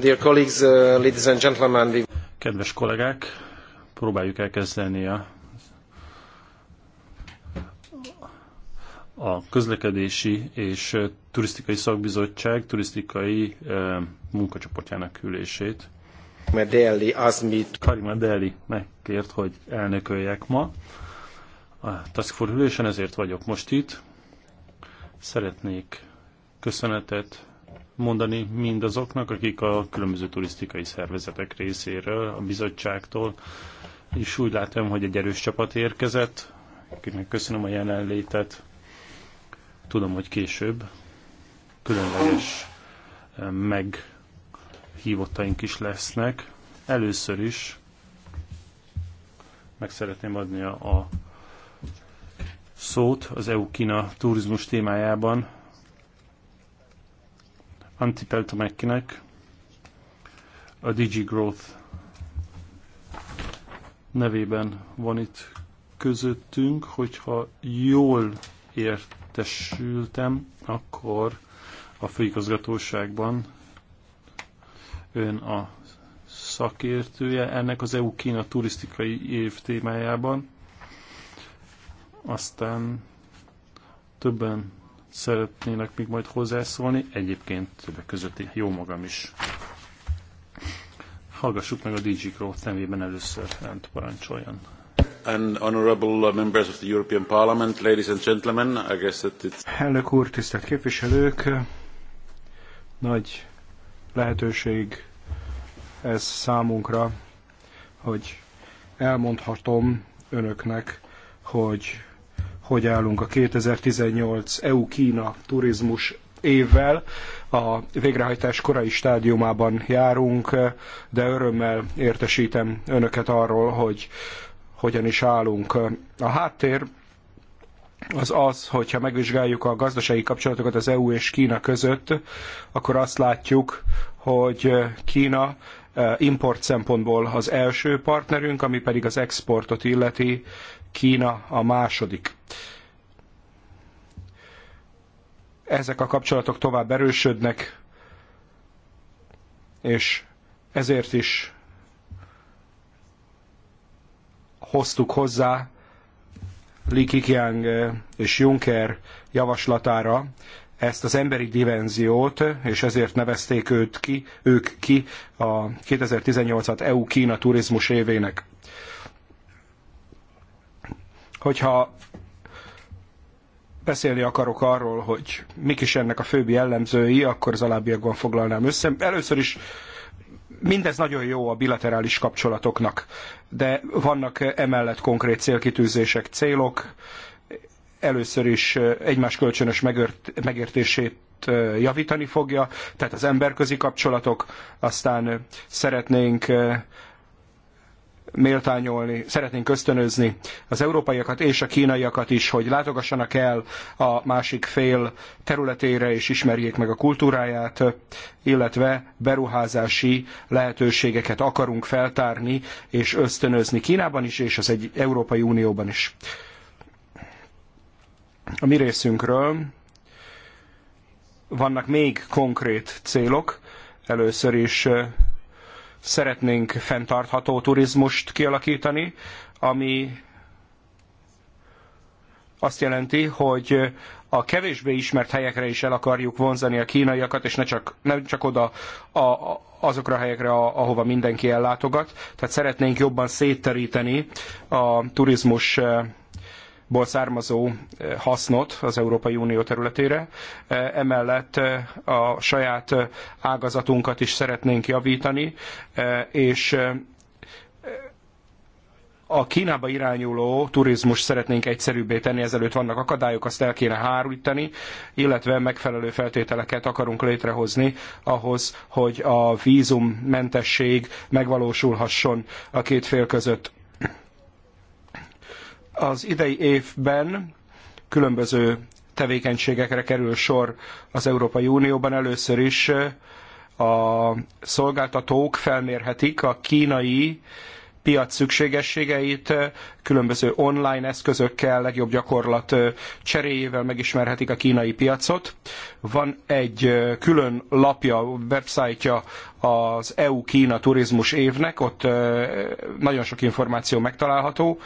Dear colleagues, uh, ladies and gentlemen, Kedves kollégák, próbáljuk elkezdeni a, a közlekedési és uh, turisztikai szakbizottság turisztikai uh, munkacsoportjának ülését. Medelli, az mit? Karima Deli megkért, hogy elnököljek ma a Task Force ülésen, ezért vagyok most itt. Szeretnék köszönetet mondani mindazoknak, akik a különböző turisztikai szervezetek részéről, a bizottságtól, és úgy látom, hogy egy erős csapat érkezett, akinek köszönöm a jelenlétet. Tudom, hogy később különleges eh, meghívottaink is lesznek. Először is meg szeretném adni a szót az EU-Kína turizmus témájában Antti Peltomekkinek, a Digi Growth nevében van itt közöttünk, hogyha jól értesültem, akkor a főigazgatóságban ön a szakértője ennek az EU-Kína turisztikai év témájában. Aztán többen szeretnének még majd hozzászólni, egyébként többek között jó magam is. Hallgassuk meg a DG Growth nevében először, Lent parancsoljon. And honorable uh, members of the European Parliament, ladies and gentlemen, I guess that it's... Elnök úr, tisztelt képviselők, nagy lehetőség ez számunkra, hogy elmondhatom önöknek, hogy hogy állunk a 2018 EU-Kína turizmus évvel. A végrehajtás korai stádiumában járunk, de örömmel értesítem önöket arról, hogy hogyan is állunk. A háttér az az, hogyha megvizsgáljuk a gazdasági kapcsolatokat az EU és Kína között, akkor azt látjuk, hogy Kína eh, import szempontból az első partnerünk, ami pedig az exportot illeti Kína a második. Ezek a kapcsolatok tovább erősödnek, és ezért is hoztuk hozzá Li Keqiang és Juncker javaslatára ezt az emberi dimenziót, és ezért nevezték őt ki, ők ki a 2018-at EU-Kína turizmus évének. Hogyha beszélni akarok arról, hogy mik is ennek a főbb jellemzői, akkor az alábbiakban foglalnám össze. Először is mindez nagyon jó a bilaterális kapcsolatoknak, de vannak emellett konkrét célkitűzések, célok, először is egymás kölcsönös megértését javítani fogja, tehát az emberközi kapcsolatok, aztán szeretnénk méltányolni, szeretnénk ösztönözni az európaiakat és a kínaiakat is, hogy látogassanak el a másik fél területére és ismerjék meg a kultúráját, illetve beruházási lehetőségeket akarunk feltárni és ösztönözni Kínában is és az egy Európai Unióban is. A mi részünkről vannak még konkrét célok. Először is Szeretnénk fenntartható turizmust kialakítani, ami azt jelenti, hogy a kevésbé ismert helyekre is el akarjuk vonzani a kínaiakat, és ne csak, nem csak oda a, azokra a helyekre, ahova mindenki ellátogat. Tehát szeretnénk jobban szétteríteni a turizmus eh, ból származó eh, hasznot az Európai Unió területére. Eh, emellett eh, a saját ágazatunkat is szeretnénk javítani, és a Kínába irányuló turizmus szeretnénk egyszerűbbé tenni, ezelőtt vannak akadályok, azt el kéne hárítani, illetve megfelelő feltételeket akarunk létrehozni ahhoz, hogy a vízummentesség megvalósulhasson a két fél között az idei évben különböző tevékenységekre kerül sor az Európai Unióban. Először is a szolgáltatók felmérhetik a kínai piac szükségességeit, különböző online eszközökkel, legjobb gyakorlat cseréjével megismerhetik a kínai piacot. Van egy külön lapja, websájtja az EU-Kína turizmus évnek, ott nagyon sok információ megtalálható.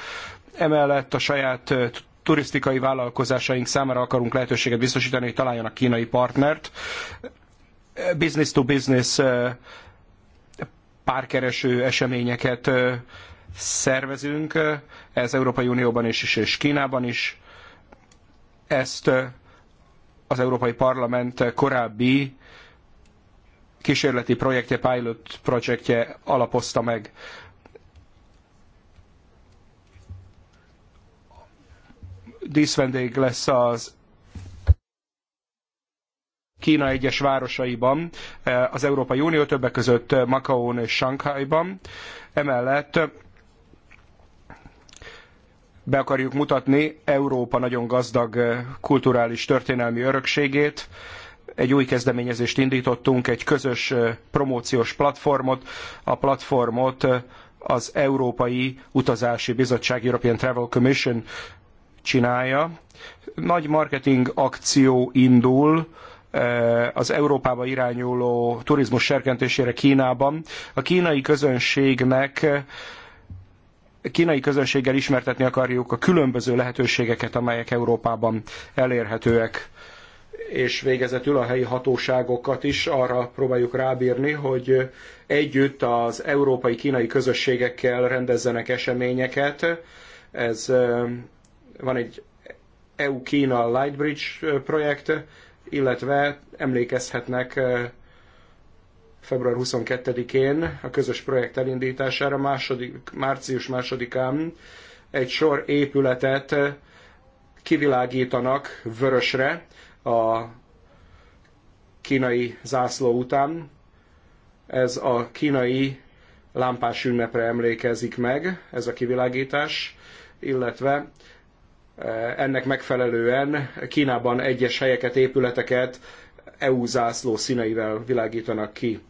Emellett a saját turisztikai vállalkozásaink számára akarunk lehetőséget biztosítani, hogy találjanak kínai partnert. Business to business párkereső eseményeket szervezünk, ez Európai Unióban is, és Kínában is. Ezt az Európai Parlament korábbi kísérleti projektje, pilot projektje alapozta meg. díszvendég lesz az Kína egyes városaiban, eh, az Európai Unió többek között Makaón és Shanghaiban. Emellett be akarjuk mutatni Európa nagyon gazdag eh, kulturális történelmi örökségét. Egy új kezdeményezést indítottunk, egy közös eh, promóciós platformot. A platformot az Európai Utazási Bizottság, European Travel Commission csinálja. Nagy marketing akció indul, eh, az Európába irányuló turizmus serkentésére Kínában. A kínai közönségnek eh, kínai közönséggel ismertetni akarjuk a különböző lehetőségeket, amelyek Európában elérhetőek és végezetül a helyi hatóságokat is arra próbáljuk rábírni, hogy együtt az európai-kínai közösségekkel rendezzenek eseményeket. Ez eh, van egy EU-Kína Lightbridge projekt, illetve emlékezhetnek február 22-én a közös projekt elindítására, második, március 2-án egy sor épületet kivilágítanak vörösre a kínai zászló után. Ez a kínai lámpás ünnepre emlékezik meg, ez a kivilágítás, illetve Eh, ennek megfelelően Kínában egyes helyeket, épületeket EU zászló színeivel világítanak ki.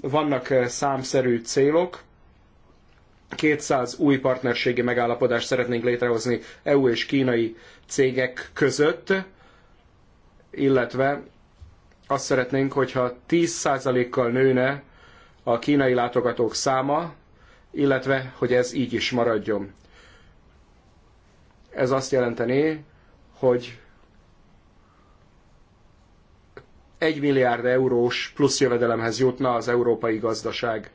Vannak eh, számszerű célok, 200 új partnerségi megállapodást szeretnénk létrehozni EU és kínai cégek között, illetve azt szeretnénk, hogyha 10%-kal nőne a kínai látogatók száma, illetve hogy ez így is maradjon. Ez azt jelenteni, hogy egy milliárd eurós plusz jövedelemhez jutna az európai gazdaság.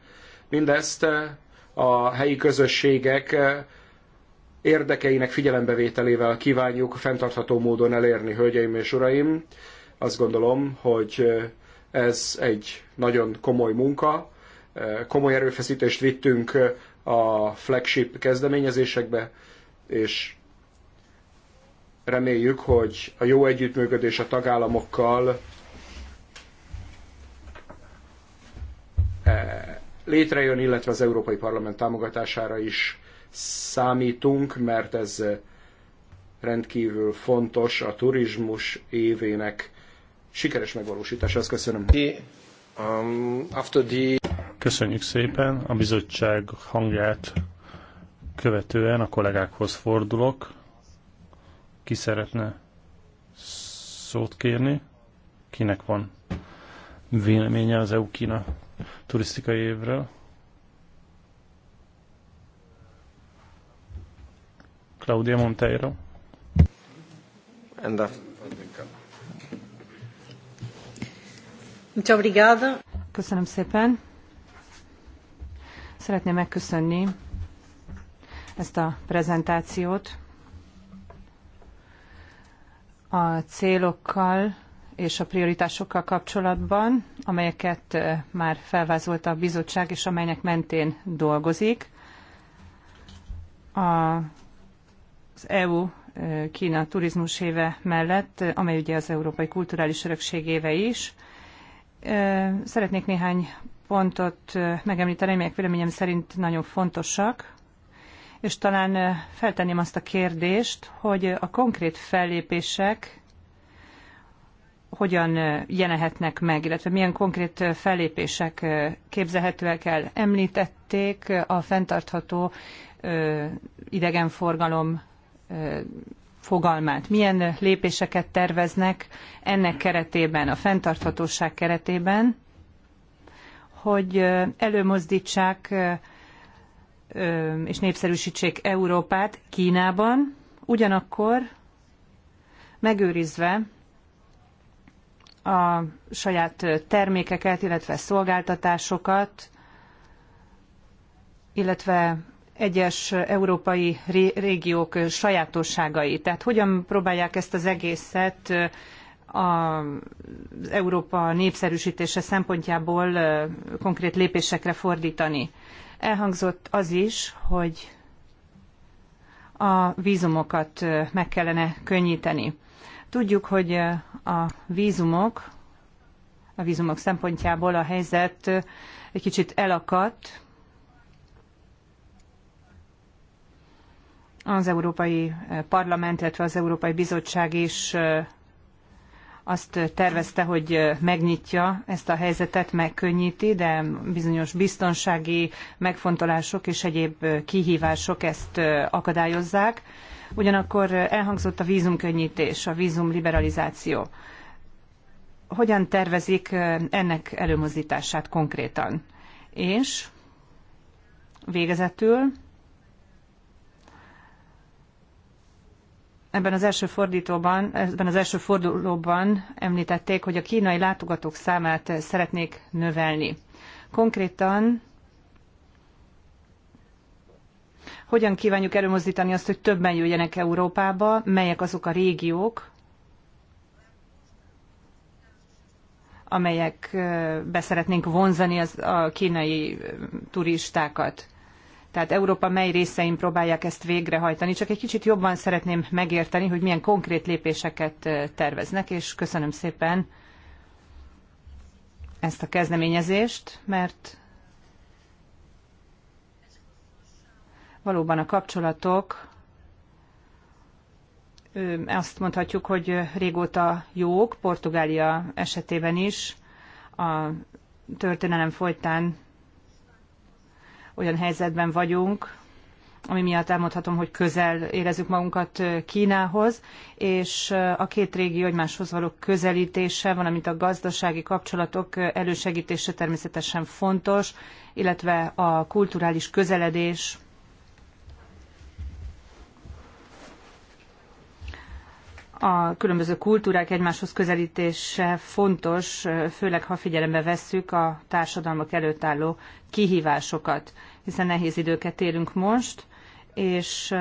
Mindezt eh, a helyi közösségek eh, érdekeinek figyelembevételével kívánjuk fenntartható módon elérni, hölgyeim és uraim. Azt gondolom, hogy eh, ez egy nagyon komoly munka, komoly erőfeszítést vittünk a flagship kezdeményezésekbe, és reméljük, hogy a jó együttműködés a tagállamokkal létrejön, illetve az Európai Parlament támogatására is számítunk, mert ez rendkívül fontos a turizmus évének sikeres megvalósításához. Köszönöm. Um, after the... Köszönjük szépen. A bizottság hangját követően a kollégákhoz fordulok. Ki szeretne szót kérni? Kinek van véleménye az EU-Kína turisztikai évről? Claudia Monteiro. obrigada. Köszönöm szépen. Szeretném megköszönni ezt a prezentációt a célokkal és a prioritásokkal kapcsolatban, amelyeket eh, már felvázolt a bizottság, és amelynek mentén dolgozik. Az EU eh, Kína turizmus éve mellett, eh, amely ugye az Európai Kulturális Örökség éve is. Szeretnék néhány pontot megemlíteni, melyek véleményem szerint nagyon fontosak, és talán feltenném azt a kérdést, hogy a konkrét fellépések hogyan jelenhetnek meg, illetve milyen konkrét fellépések képzelhetőek el. Említették a fenntartható idegenforgalom fogalmát. Milyen lépéseket terveznek ennek keretében, a fenntarthatóság keretében, hogy előmozdítsák és népszerűsítsék Európát Kínában, ugyanakkor megőrizve a saját termékeket, illetve szolgáltatásokat, illetve egyes európai régiók sajátosságai. Tehát hogyan próbálják ezt az egészet az Európa népszerűsítése szempontjából konkrét lépésekre fordítani. Elhangzott az is, hogy a vízumokat meg kellene könnyíteni. Tudjuk, hogy a vízumok, a vízumok szempontjából a helyzet egy kicsit elakadt, az Európai Parlament, illetve az Európai Bizottság is azt tervezte, hogy megnyitja ezt a helyzetet, megkönnyíti, de bizonyos biztonsági megfontolások és egyéb kihívások ezt akadályozzák. Ugyanakkor elhangzott a vízumkönnyítés, a vízum liberalizáció. Hogyan tervezik ennek előmozdítását konkrétan? És végezetül ebben az első fordítóban, ebben az első fordulóban említették, hogy a kínai látogatók számát szeretnék növelni. Konkrétan hogyan kívánjuk előmozdítani azt, hogy többen jöjjenek Európába, melyek azok a régiók, amelyek beszeretnénk vonzani az, a kínai turistákat tehát Európa mely részein próbálják ezt végrehajtani. Csak egy kicsit jobban szeretném megérteni, hogy milyen konkrét lépéseket terveznek, és köszönöm szépen ezt a kezdeményezést, mert valóban a kapcsolatok azt mondhatjuk, hogy régóta jók, Portugália esetében is a történelem folytán olyan helyzetben vagyunk, ami miatt elmondhatom, hogy közel érezzük magunkat Kínához, és a két régió egymáshoz való közelítése, valamint a gazdasági kapcsolatok elősegítése természetesen fontos, illetve a kulturális közeledés a különböző kultúrák egymáshoz közelítése fontos, főleg ha figyelembe vesszük a társadalmak előtt álló kihívásokat, hiszen nehéz időket élünk most, és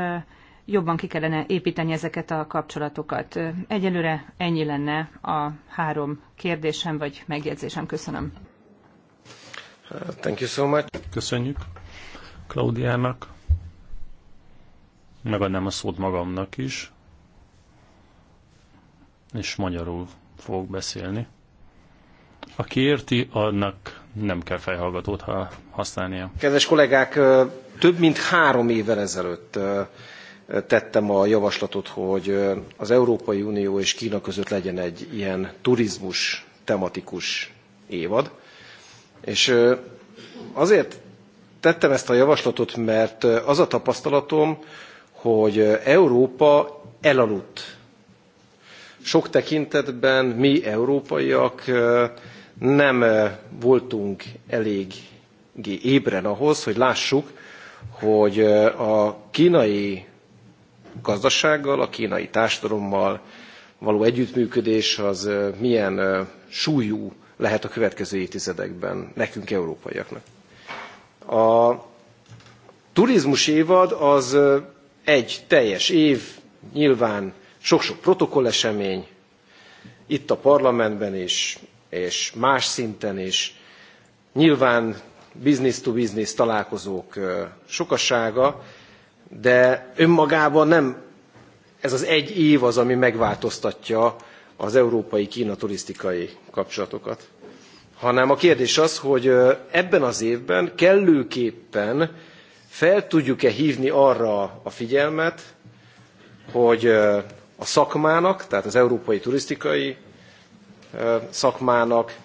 jobban ki kellene építeni ezeket a kapcsolatokat. Egyelőre ennyi lenne a három kérdésem vagy megjegyzésem. Köszönöm. Thank you so much. Köszönjük Klaudiának. Megadnám a szót magamnak is és magyarul fogok beszélni. Aki érti, annak nem kell fejhallgatót ha használnia. Kedves kollégák, több mint három évvel ezelőtt tettem a javaslatot, hogy az Európai Unió és Kína között legyen egy ilyen turizmus tematikus évad. És azért tettem ezt a javaslatot, mert az a tapasztalatom, hogy Európa elaludt sok tekintetben mi európaiak nem voltunk eléggé ébren ahhoz, hogy lássuk, hogy a kínai gazdasággal, a kínai társadalommal való együttműködés az milyen súlyú lehet a következő évtizedekben nekünk, európaiaknak. A turizmus évad az egy teljes év, nyilván sok-sok protokollesemény, itt a parlamentben is, és más szinten is. Nyilván business to business találkozók sokasága, de önmagában nem ez az egy év az, ami megváltoztatja az európai-kína turisztikai kapcsolatokat, hanem a kérdés az, hogy ebben az évben kellőképpen fel tudjuk-e hívni arra a figyelmet, hogy a szakmának, tehát az európai turisztikai szakmának,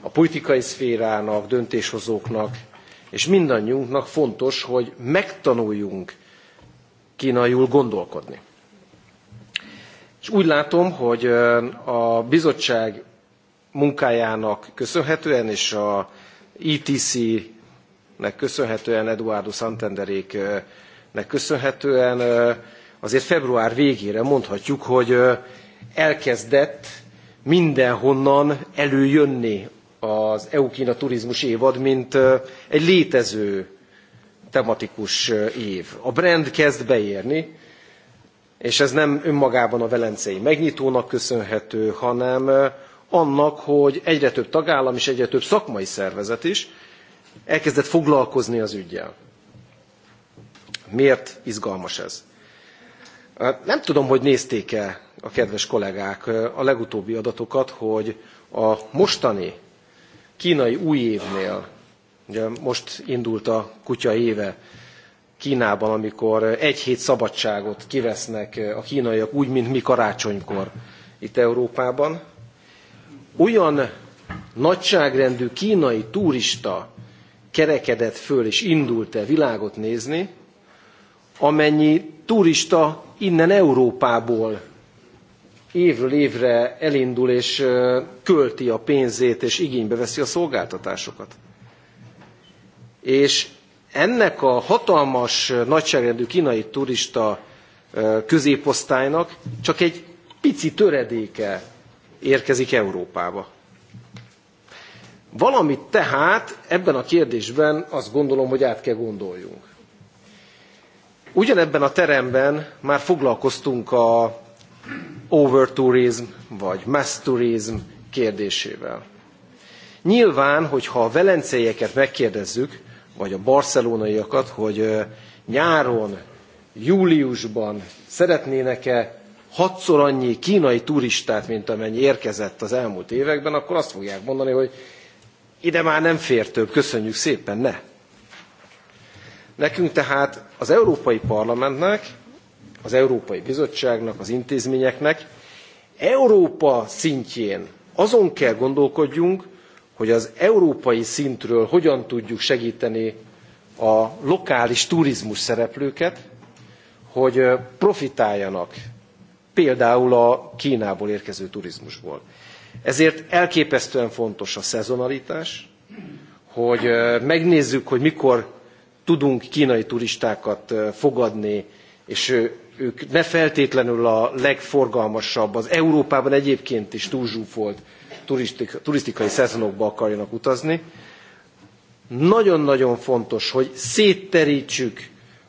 a politikai szférának, döntéshozóknak, és mindannyiunknak fontos, hogy megtanuljunk kínaiul gondolkodni. És úgy látom, hogy a bizottság munkájának köszönhetően, és a ETC-nek köszönhetően, Eduardo Santanderéknek köszönhetően azért február végére mondhatjuk, hogy elkezdett mindenhonnan előjönni az EU-Kína turizmus évad, mint egy létező tematikus év. A brand kezd beérni, és ez nem önmagában a velencei megnyitónak köszönhető, hanem annak, hogy egyre több tagállam és egyre több szakmai szervezet is elkezdett foglalkozni az ügyjel. Miért izgalmas ez? Nem tudom, hogy nézték-e a kedves kollégák a legutóbbi adatokat, hogy a mostani kínai új évnél, ugye most indult a kutya éve Kínában, amikor egy hét szabadságot kivesznek a kínaiak, úgy, mint mi karácsonykor itt Európában, olyan nagyságrendű kínai turista kerekedett föl és indult el világot nézni, amennyi turista innen Európából évről évre elindul és költi a pénzét és igénybe veszi a szolgáltatásokat. És ennek a hatalmas, nagyságrendű kínai turista középosztálynak csak egy pici töredéke érkezik Európába. Valamit tehát ebben a kérdésben azt gondolom, hogy át kell gondoljunk. Ugyanebben a teremben már foglalkoztunk a overtourism vagy mass tourism kérdésével. Nyilván, hogyha a velenceieket megkérdezzük, vagy a barcelonaiakat, hogy nyáron, júliusban szeretnének-e hatszor annyi kínai turistát, mint amennyi érkezett az elmúlt években, akkor azt fogják mondani, hogy ide már nem fér több, köszönjük szépen, ne. Nekünk tehát az Európai Parlamentnek, az Európai Bizottságnak, az intézményeknek Európa szintjén azon kell gondolkodjunk, hogy az európai szintről hogyan tudjuk segíteni a lokális turizmus szereplőket, hogy profitáljanak például a Kínából érkező turizmusból. Ezért elképesztően fontos a szezonalitás, hogy megnézzük, hogy mikor tudunk kínai turistákat fogadni, és ők ne feltétlenül a legforgalmasabb, az Európában egyébként is túlzsúfolt turisztikai szezonokba akarjanak utazni. Nagyon-nagyon fontos, hogy szétterítsük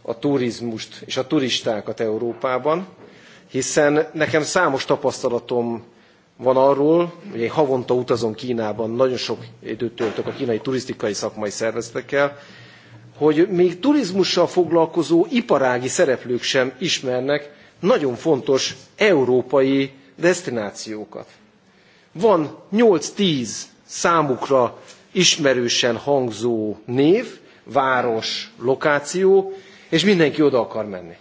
a turizmust és a turistákat Európában, hiszen nekem számos tapasztalatom van arról, hogy én havonta utazom Kínában, nagyon sok időt töltök a kínai turisztikai szakmai szervezetekkel, hogy még turizmussal foglalkozó iparági szereplők sem ismernek nagyon fontos európai destinációkat. Van 8-10 számukra ismerősen hangzó név, város, lokáció, és mindenki oda akar menni.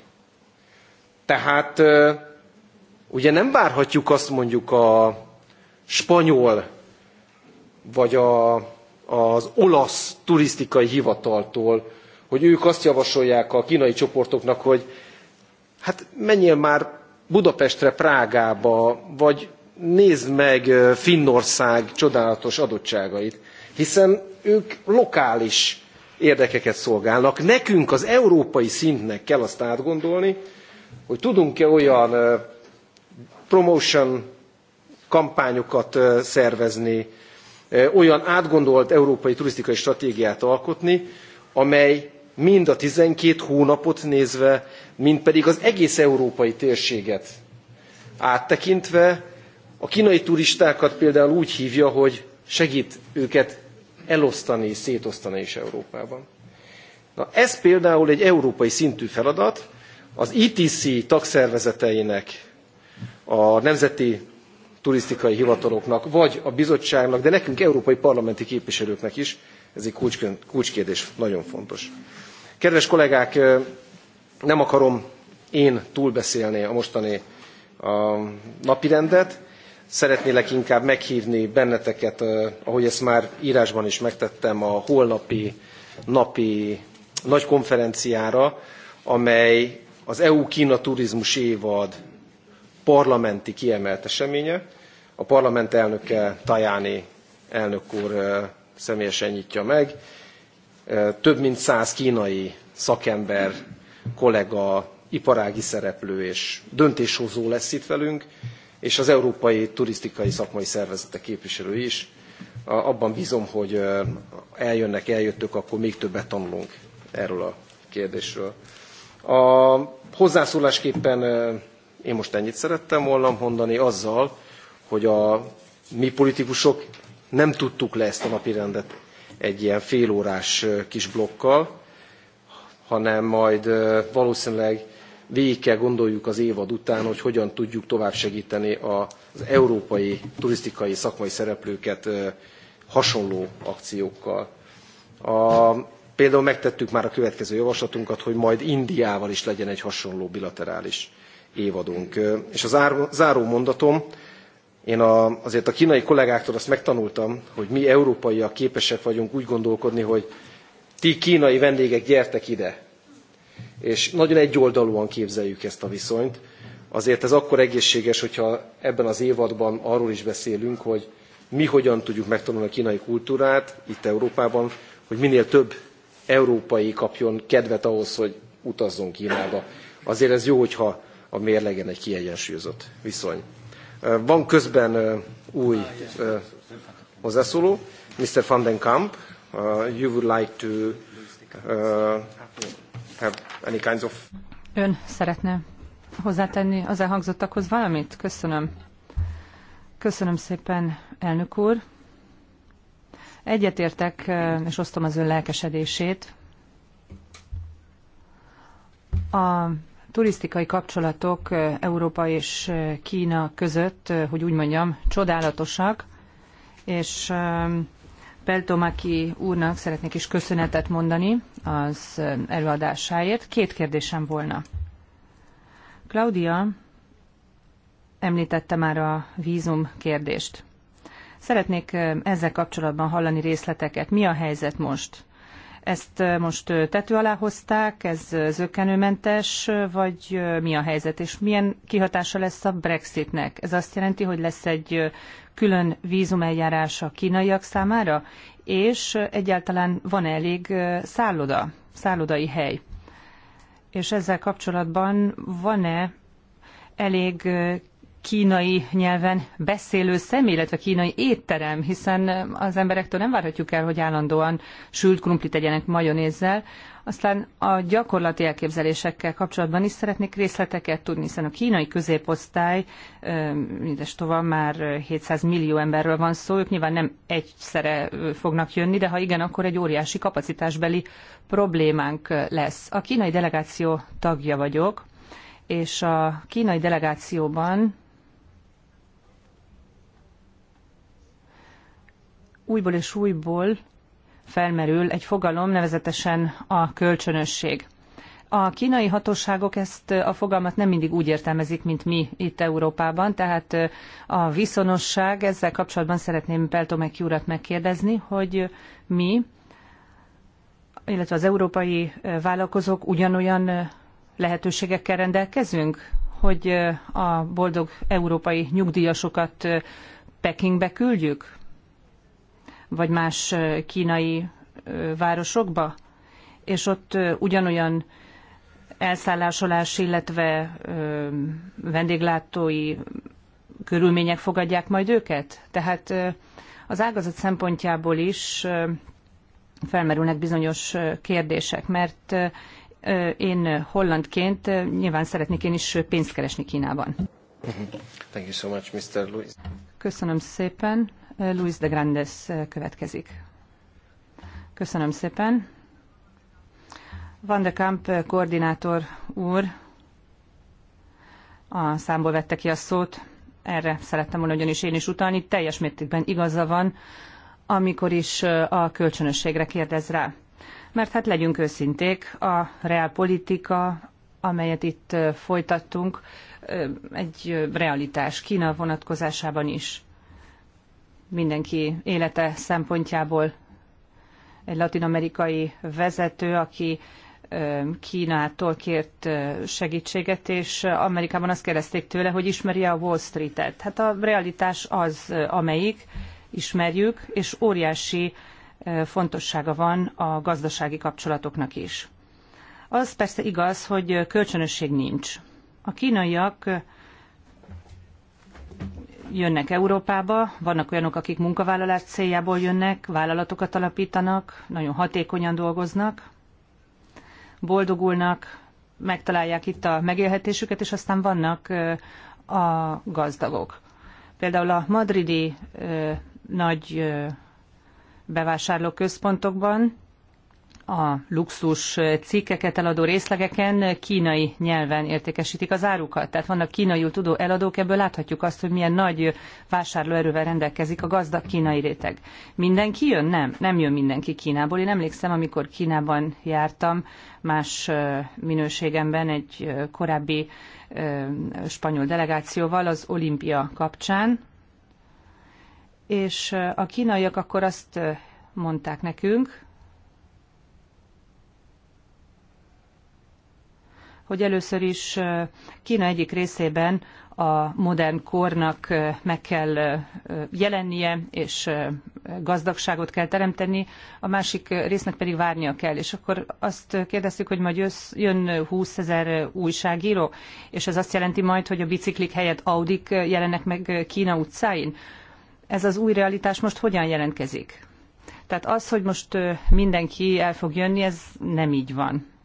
Tehát ugye nem várhatjuk azt mondjuk a spanyol, vagy a az olasz turisztikai hivataltól, hogy ők azt javasolják a kínai csoportoknak, hogy hát menjél már Budapestre, Prágába, vagy nézd meg Finnország csodálatos adottságait, hiszen ők lokális érdekeket szolgálnak. Nekünk az európai szintnek kell azt átgondolni, hogy tudunk-e olyan promotion kampányokat szervezni, olyan átgondolt európai turisztikai stratégiát alkotni, amely mind a 12 hónapot nézve, mind pedig az egész európai térséget áttekintve a kínai turistákat például úgy hívja, hogy segít őket elosztani és szétosztani is Európában. Na ez például egy európai szintű feladat, az ETC tagszervezeteinek, a nemzeti turisztikai hivataloknak, vagy a bizottságnak, de nekünk európai parlamenti képviselőknek is, ez egy kulcskérdés, nagyon fontos. Kedves kollégák, nem akarom én túlbeszélni a mostani a napirendet, szeretnélek inkább meghívni benneteket, ahogy ezt már írásban is megtettem, a holnapi napi nagy konferenciára, amely az EU-Kína turizmus évad parlamenti kiemelt eseménye a parlament elnöke Tajani elnök úr személyesen nyitja meg. Több mint száz kínai szakember, kollega, iparági szereplő és döntéshozó lesz itt velünk, és az európai turisztikai szakmai szervezetek képviselői is. Abban bízom, hogy eljönnek, eljöttök, akkor még többet tanulunk erről a kérdésről. A hozzászólásképpen én most ennyit szerettem volna mondani azzal, hogy a mi politikusok nem tudtuk le ezt a napirendet egy ilyen félórás kis blokkal, hanem majd valószínűleg végig kell gondoljuk az évad után, hogy hogyan tudjuk tovább segíteni az európai turisztikai szakmai szereplőket hasonló akciókkal. A, például megtettük már a következő javaslatunkat, hogy majd Indiával is legyen egy hasonló bilaterális évadunk. És a záró, záró mondatom, én a, azért a kínai kollégáktól azt megtanultam, hogy mi európaiak képesek vagyunk úgy gondolkodni, hogy ti kínai vendégek gyertek ide. És nagyon egyoldalúan képzeljük ezt a viszonyt. Azért ez akkor egészséges, hogyha ebben az évadban arról is beszélünk, hogy mi hogyan tudjuk megtanulni a kínai kultúrát itt Európában, hogy minél több európai kapjon kedvet ahhoz, hogy utazzon Kínába. Azért ez jó, hogyha a mérlegen egy kiegyensúlyozott viszony. Van közben új hozzászóló, Mr. van den Kamp. Uh, you would like to uh, have any kinds of... Ön szeretne hozzátenni az elhangzottakhoz valamit? Köszönöm. Köszönöm szépen, elnök úr. Egyetértek, és osztom az ön lelkesedését. A turisztikai kapcsolatok eh, Európa és eh, Kína között, eh, hogy úgy mondjam, csodálatosak, és ehm, Peltomaki úrnak szeretnék is köszönetet mondani az előadásáért. Két kérdésem volna. Claudia említette már a vízum kérdést. Szeretnék ezzel kapcsolatban hallani részleteket. Mi a helyzet most? Ezt most tető alá hozták, ez zökkenőmentes, vagy mi a helyzet, és milyen kihatása lesz a Brexitnek? Ez azt jelenti, hogy lesz egy külön vízumeljárás a kínaiak számára, és egyáltalán van -e elég szálloda, szállodai hely. És ezzel kapcsolatban van-e elég kínai nyelven beszélő személy, illetve kínai étterem, hiszen az emberektől nem várhatjuk el, hogy állandóan sült krumplit tegyenek majonézzel. Aztán a gyakorlati elképzelésekkel kapcsolatban is szeretnék részleteket tudni, hiszen a kínai középosztály, mindes tovább már 700 millió emberről van szó, ők nyilván nem egyszerre fognak jönni, de ha igen, akkor egy óriási kapacitásbeli problémánk lesz. A kínai delegáció tagja vagyok, és a kínai delegációban újból és újból felmerül egy fogalom, nevezetesen a kölcsönösség. A kínai hatóságok ezt a fogalmat nem mindig úgy értelmezik, mint mi itt Európában, tehát a viszonosság, ezzel kapcsolatban szeretném Peltomek Júrat megkérdezni, hogy mi, illetve az európai vállalkozók ugyanolyan lehetőségekkel rendelkezünk, hogy a boldog európai nyugdíjasokat Pekingbe küldjük? vagy más kínai városokba, és ott ugyanolyan elszállásolás, illetve vendéglátói körülmények fogadják majd őket? Tehát az ágazat szempontjából is felmerülnek bizonyos kérdések, mert én hollandként nyilván szeretnék én is pénzt keresni Kínában. Thank you so much, Mr. Louis. Köszönöm szépen. Luis de Grandes eh, következik. Köszönöm szépen. Van de Kamp eh, koordinátor úr a számból vette ki a szót. Erre szerettem volna ugyanis én is utalni. Teljes mértékben igaza van, amikor is eh, a kölcsönösségre kérdez rá. Mert hát legyünk őszinték, a reálpolitika, amelyet itt folytattunk, egy realitás Kína vonatkozásában is mindenki élete szempontjából egy latinamerikai vezető, aki Kínától kért segítséget, és Amerikában azt kérdezték tőle, hogy ismeri a Wall Street-et. Hát a realitás az, amelyik ismerjük, és óriási fontossága van a gazdasági kapcsolatoknak is. Az persze igaz, hogy kölcsönösség nincs. A kínaiak jönnek Európába, vannak olyanok, akik munkavállalás céljából jönnek, vállalatokat alapítanak, nagyon hatékonyan dolgoznak, boldogulnak, megtalálják itt a megélhetésüket, és aztán vannak a gazdagok. Például a madridi nagy bevásárlóközpontokban a luxus cikkeket eladó részlegeken kínai nyelven értékesítik az árukat. Tehát vannak kínaiul tudó eladók, ebből láthatjuk azt, hogy milyen nagy vásárlóerővel rendelkezik a gazdag kínai réteg. Mindenki jön? Nem, nem jön mindenki Kínából. Én emlékszem, amikor Kínában jártam, más minőségemben egy korábbi spanyol delegációval az olimpia kapcsán, és a kínaiak akkor azt mondták nekünk, hogy először is Kína egyik részében a modern kornak meg kell jelennie, és gazdagságot kell teremteni, a másik résznek pedig várnia kell. És akkor azt kérdeztük, hogy majd jön 20 ezer újságíró, és ez azt jelenti majd, hogy a biciklik helyett Audik jelennek meg Kína utcáin. Ez az új realitás most hogyan jelentkezik? Tehát az, hogy most mindenki el fog jönni, ez nem így van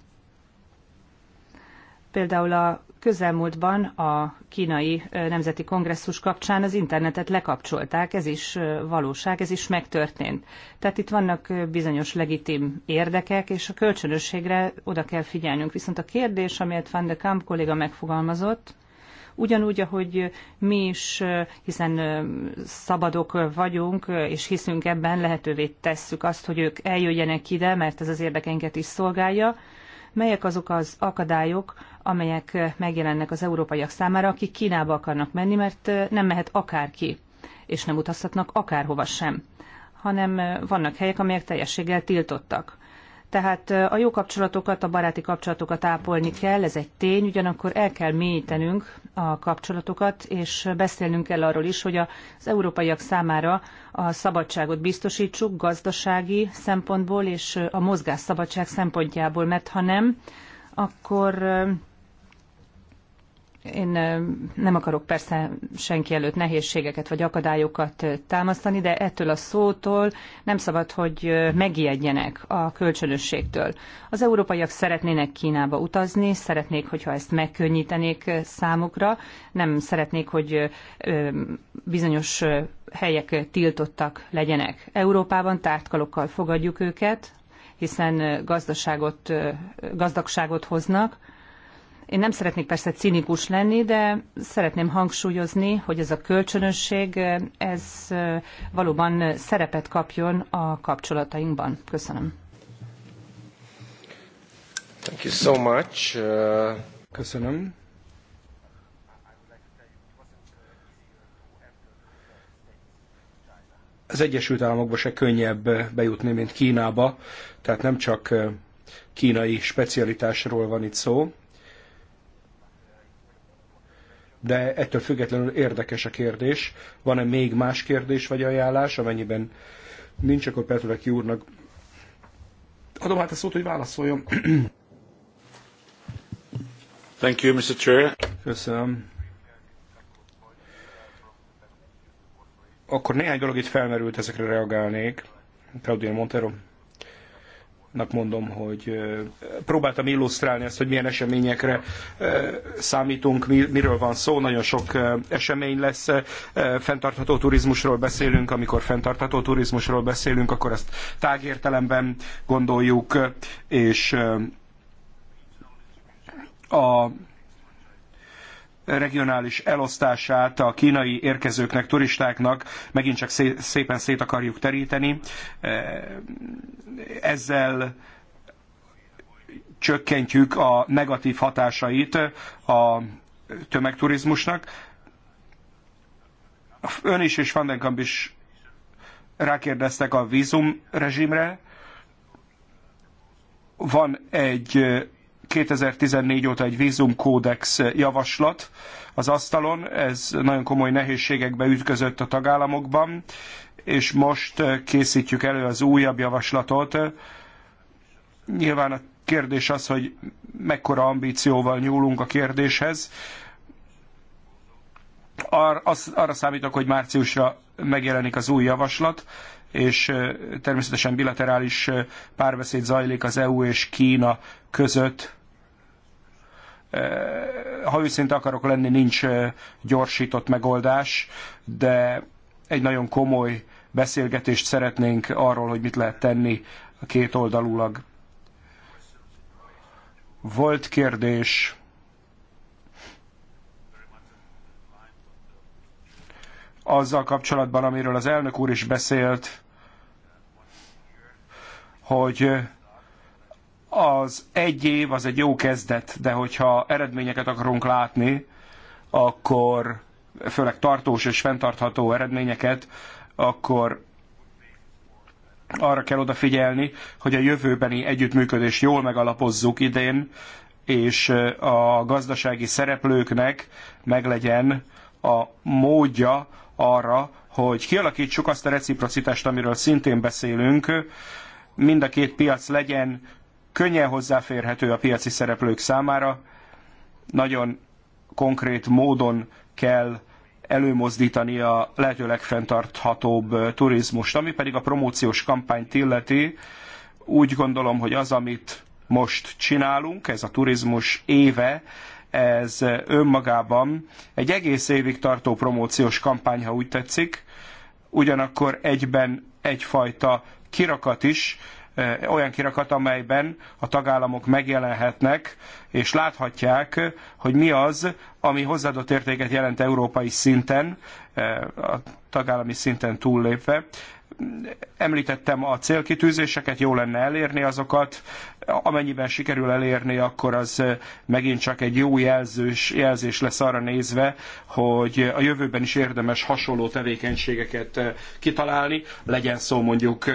Például a közelmúltban a kínai nemzeti kongresszus kapcsán az internetet lekapcsolták, ez is valóság, ez is megtörtént. Tehát itt vannak bizonyos legitim érdekek, és a kölcsönösségre oda kell figyelnünk. Viszont a kérdés, amelyet Van de Kamp kolléga megfogalmazott, ugyanúgy, ahogy mi is, hiszen szabadok vagyunk, és hiszünk ebben, lehetővé tesszük azt, hogy ők eljöjjenek ide, mert ez az érdekeinket is szolgálja, melyek azok az akadályok, amelyek megjelennek az európaiak számára, akik Kínába akarnak menni, mert nem mehet akárki, és nem utazhatnak akárhova sem, hanem vannak helyek, amelyek teljességgel tiltottak. Tehát a jó kapcsolatokat, a baráti kapcsolatokat ápolni kell, ez egy tény, ugyanakkor el kell mélyítenünk a kapcsolatokat, és beszélnünk kell arról is, hogy az európaiak számára a szabadságot biztosítsuk gazdasági szempontból és a mozgásszabadság szempontjából, mert ha nem, akkor én nem akarok persze senki előtt nehézségeket vagy akadályokat támasztani, de ettől a szótól nem szabad, hogy megijedjenek a kölcsönösségtől. Az európaiak szeretnének Kínába utazni, szeretnék, hogyha ezt megkönnyítenék számukra, nem szeretnék, hogy bizonyos helyek tiltottak legyenek. Európában tártkalokkal fogadjuk őket, hiszen gazdaságot, gazdagságot hoznak, én nem szeretnék persze cinikus lenni, de szeretném hangsúlyozni, hogy ez a kölcsönösség, ez valóban szerepet kapjon a kapcsolatainkban. Köszönöm. Thank you so much. Uh... Köszönöm. Az Egyesült Államokba se könnyebb bejutni, mint Kínába, tehát nem csak kínai specialitásról van itt szó, de ettől függetlenül érdekes a kérdés. Van-e még más kérdés vagy ajánlás, amennyiben nincs, akkor Petuleki úrnak adom hát a szót, hogy válaszoljon. Thank you, Mr. Chair. Köszönöm. Akkor néhány dolog itt felmerült, ezekre reagálnék. Claudia Montero mondom, hogy próbáltam illusztrálni ezt, hogy milyen eseményekre számítunk, miről van szó. Nagyon sok esemény lesz. Fenntartható turizmusról beszélünk, amikor fenntartható turizmusról beszélünk, akkor ezt tágértelemben gondoljuk, és a regionális elosztását a kínai érkezőknek, turistáknak megint csak szépen szét akarjuk teríteni. Eh, ezzel csökkentjük a negatív hatásait a tömegturizmusnak. Ön is és Van Denkamp is rákérdeztek a vízum rezsimre. Van egy eh, 2014 óta egy vízumkódex javaslat az asztalon, ez nagyon komoly nehézségekbe ütközött a tagállamokban, és most készítjük elő az újabb javaslatot. Nyilván a kérdés az, hogy mekkora ambícióval nyúlunk a kérdéshez. Ar, az, arra számítok, hogy márciusra megjelenik az új javaslat, és természetesen bilaterális párbeszéd zajlik az EU és Kína között. Ha őszinte akarok lenni, nincs gyorsított megoldás, de egy nagyon komoly beszélgetést szeretnénk arról, hogy mit lehet tenni a két oldalulag. Volt kérdés azzal kapcsolatban, amiről az elnök úr is beszélt, hogy az egy év az egy jó kezdet, de hogyha eredményeket akarunk látni, akkor főleg tartós és fenntartható eredményeket, akkor arra kell odafigyelni, hogy a jövőbeni együttműködést jól megalapozzuk idén, és a gazdasági szereplőknek meglegyen a módja arra, hogy kialakítsuk azt a reciprocitást, amiről szintén beszélünk, mind a két piac legyen könnyen hozzáférhető a piaci szereplők számára, nagyon konkrét módon kell előmozdítani a lehető legfenntarthatóbb turizmust. Ami pedig a promóciós kampányt illeti, úgy gondolom, hogy az, amit most csinálunk, ez a turizmus éve, ez önmagában egy egész évig tartó promóciós kampány, ha úgy tetszik, ugyanakkor egyben egyfajta kirakat is, eh, olyan kirakat, amelyben a tagállamok megjelenhetnek, és láthatják, hogy mi az, ami hozzáadott értéket jelent európai szinten, eh, a tagállami szinten túllépve. Említettem a célkitűzéseket, jó lenne elérni azokat, amennyiben sikerül elérni, akkor az eh, megint csak egy jó jelzős, jelzés lesz arra nézve, hogy a jövőben is érdemes hasonló tevékenységeket kitalálni, legyen szó mondjuk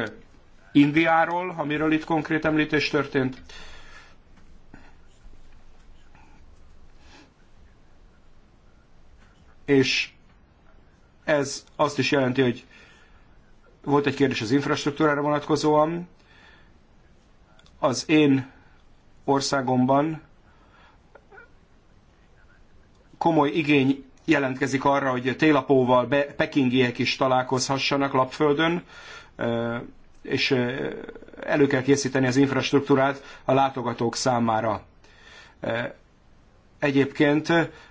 Indiáról, amiről itt konkrét említés történt. És ez azt is jelenti, hogy volt egy kérdés az infrastruktúrára vonatkozóan. Az én országomban komoly igény jelentkezik arra, hogy télapóval pekingiek is találkozhassanak lapföldön és elő kell készíteni az infrastruktúrát a látogatók számára. Egyébként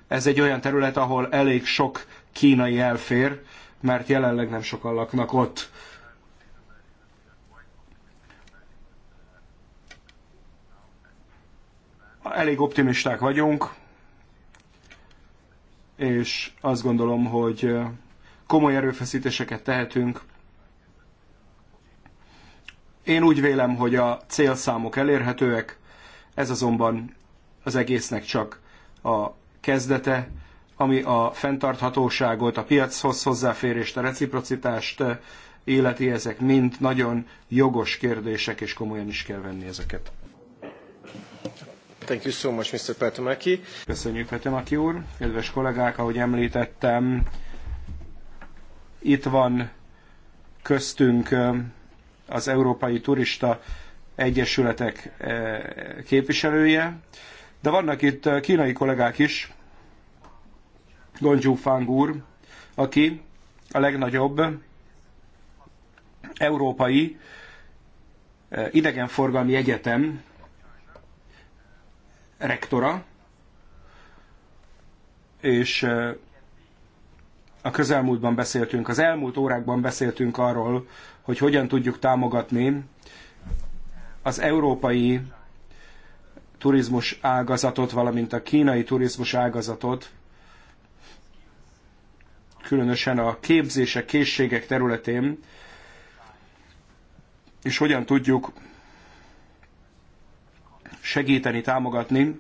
ez egy olyan terület, ahol elég sok kínai elfér, mert jelenleg nem sokan laknak ott. Elég optimisták vagyunk, és azt gondolom, hogy komoly erőfeszítéseket tehetünk én úgy vélem, hogy a célszámok elérhetőek, ez azonban az egésznek csak a kezdete, ami a fenntarthatóságot, a piachoz hozzáférést, a reciprocitást eh, életi, ezek mind nagyon jogos kérdések, és komolyan is kell venni ezeket. Thank you so much, Mr. Petomaki. Köszönjük, Petomaki úr. Kedves kollégák, ahogy említettem, itt van köztünk eh, az Európai Turista Egyesületek eh, képviselője, de vannak itt eh, kínai kollégák is, Gonzsú Fang úr, aki a legnagyobb európai eh, idegenforgalmi egyetem rektora, és a közelmúltban beszéltünk, az elmúlt órákban beszéltünk arról, hogy hogyan tudjuk támogatni az európai turizmus ágazatot, valamint a kínai turizmus ágazatot, különösen a képzések, készségek területén, és hogyan tudjuk segíteni, támogatni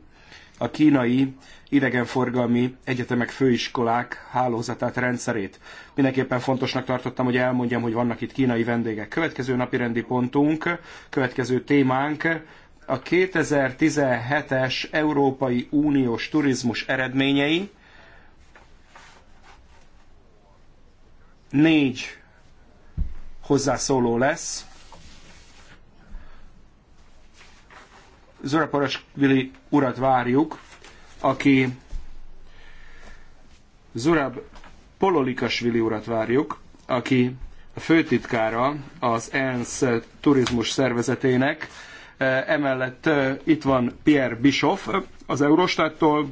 a kínai idegenforgalmi egyetemek főiskolák hálózatát, rendszerét. Mindenképpen fontosnak tartottam, hogy elmondjam, hogy vannak itt kínai vendégek. Következő napi rendi pontunk, következő témánk, a 2017-es Európai Uniós turizmus eredményei. Négy hozzászóló lesz. Zora Parasvili urat várjuk, aki Zurab Pololikasvili urat várjuk, aki a főtitkára az ENSZ turizmus szervezetének. Eh, emellett eh, itt van Pierre Bischoff az Eurostattól.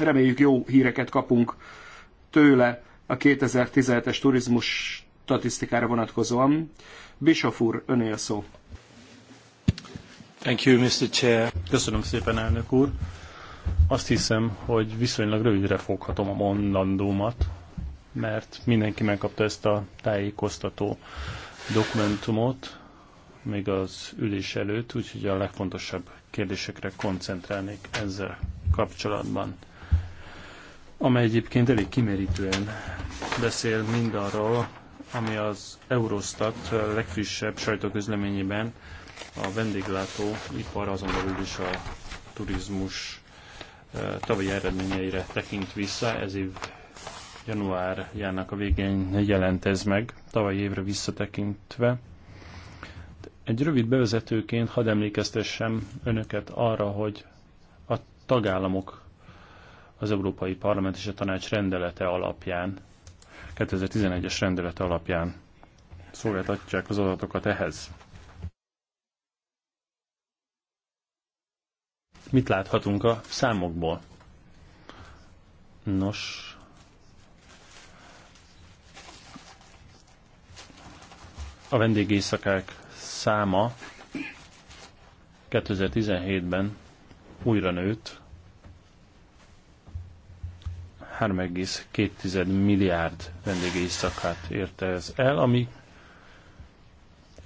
Reméljük jó híreket kapunk tőle a 2017-es turizmus statisztikára vonatkozóan. Bischoff úr, öné a szó. Thank you, Mr. Chair. Köszönöm szépen, elnök úr. Azt hiszem, hogy viszonylag rövidre foghatom a mondandómat, mert mindenki megkapta ezt a tájékoztató dokumentumot még az ülés előtt, úgyhogy a legfontosabb kérdésekre koncentrálnék ezzel kapcsolatban, amely egyébként elég kimérítően beszél mindarról, ami az Eurostat legfrissebb sajtóközleményében a vendéglátóipar, azon belül is a turizmus eh, tavalyi eredményeire tekint vissza. Ez év januárjának a végén jelent ez meg, tavalyi évre visszatekintve. Egy rövid bevezetőként hadd emlékeztessem önöket arra, hogy a tagállamok az Európai Parlament és a Tanács rendelete alapján, 2011-es rendelete alapján szolgáltatják az adatokat ehhez. Mit láthatunk a számokból? Nos, a vendégészakák száma 2017-ben újra nőtt 3,2 milliárd vendégészakát érte ez el, ami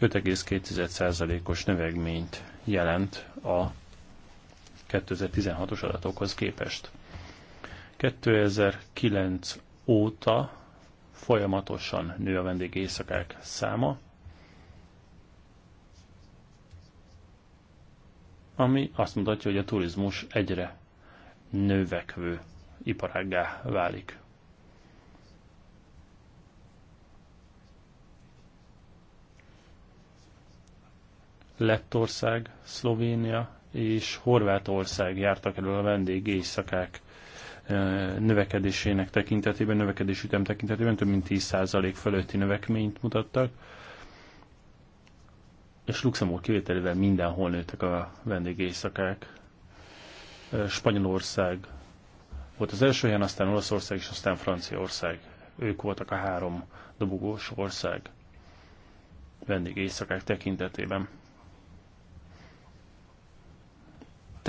5,2%-os növegményt jelent a 2016-os adatokhoz képest. 2009 óta folyamatosan nő a éjszakák száma, ami azt mutatja, hogy a turizmus egyre növekvő iparággá válik. Lettország, Szlovénia, és Horvátország jártak elő a vendég éjszakák eh, növekedésének tekintetében, növekedési ütem tekintetében több mint 10% fölötti növekményt mutattak, és Luxemburg kivételével mindenhol nőttek a éjszakák. Eh, Spanyolország volt az első helyen, aztán Olaszország és aztán Franciaország. Ők voltak a három dobogós ország éjszakák tekintetében.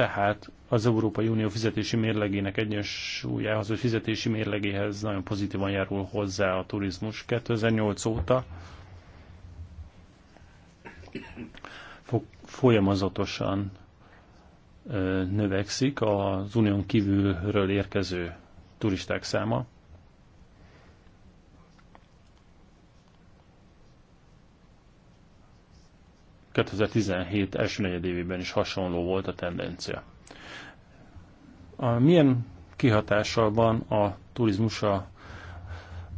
tehát az Európai Unió fizetési mérlegének egyensúlyához, vagy fizetési mérlegéhez nagyon pozitívan járul hozzá a turizmus 2008 óta. Folyamatosan növekszik az unión kívülről érkező turisták száma. 2017 első negyedévében is hasonló volt a tendencia. A milyen kihatással van a turizmusa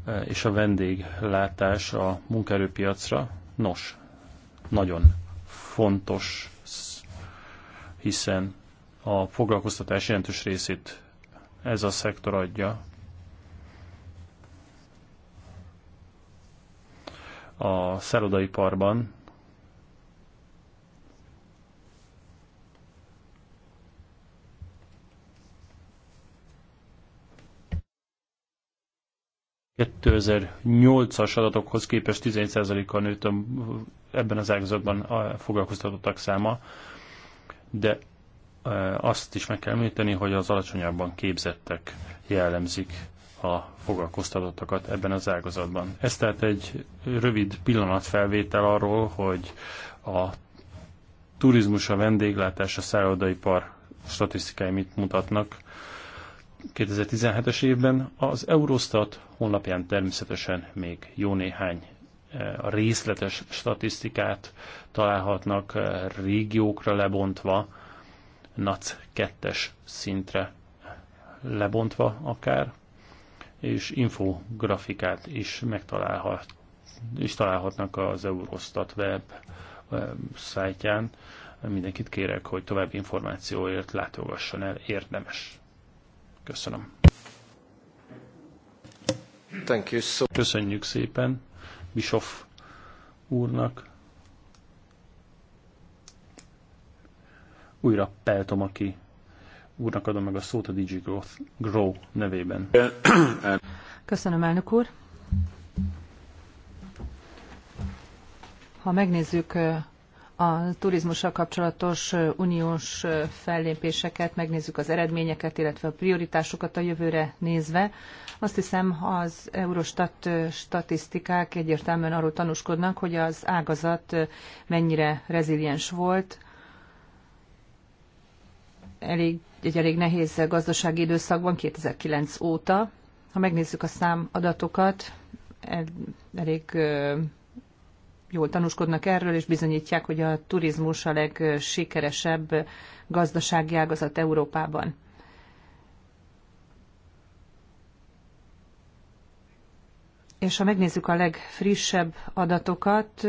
e, és a vendéglátás a munkaerőpiacra? Nos, nagyon fontos, hiszen a foglalkoztatás jelentős részét ez a szektor adja. A szerodaiparban 2008-as adatokhoz képest 11%-kal nőtt a, ebben az ágazatban a foglalkoztatottak száma, de azt is meg kell említeni, hogy az alacsonyabban képzettek jellemzik a foglalkoztatottakat ebben az ágazatban. Ez tehát egy rövid pillanatfelvétel arról, hogy a turizmus, a vendéglátás, a szállodaipar statisztikái mit mutatnak, 2017-es évben. Az Eurostat honlapján természetesen még jó néhány eh, részletes statisztikát találhatnak eh, régiókra lebontva, NAC 2-es szintre lebontva akár, és infografikát is megtalálhat, is találhatnak az Eurostat web eh, szájtján. Mindenkit kérek, hogy további információért látogasson el, érdemes. Köszönöm. Thank you so Köszönjük szépen Bischoff úrnak. Újra Peltom, aki úrnak adom meg a szót a DigiGrow Grow nevében. Köszönöm, elnök úr. Ha megnézzük a turizmussal kapcsolatos uniós fellépéseket, megnézzük az eredményeket, illetve a prioritásokat a jövőre nézve. Azt hiszem, az Eurostat statisztikák egyértelműen arról tanúskodnak, hogy az ágazat mennyire reziliens volt. Elég, egy elég nehéz gazdasági időszakban, 2009 óta. Ha megnézzük a számadatokat, elég jól tanúskodnak erről, és bizonyítják, hogy a turizmus a legsikeresebb gazdasági ágazat Európában. És ha megnézzük a legfrissebb adatokat,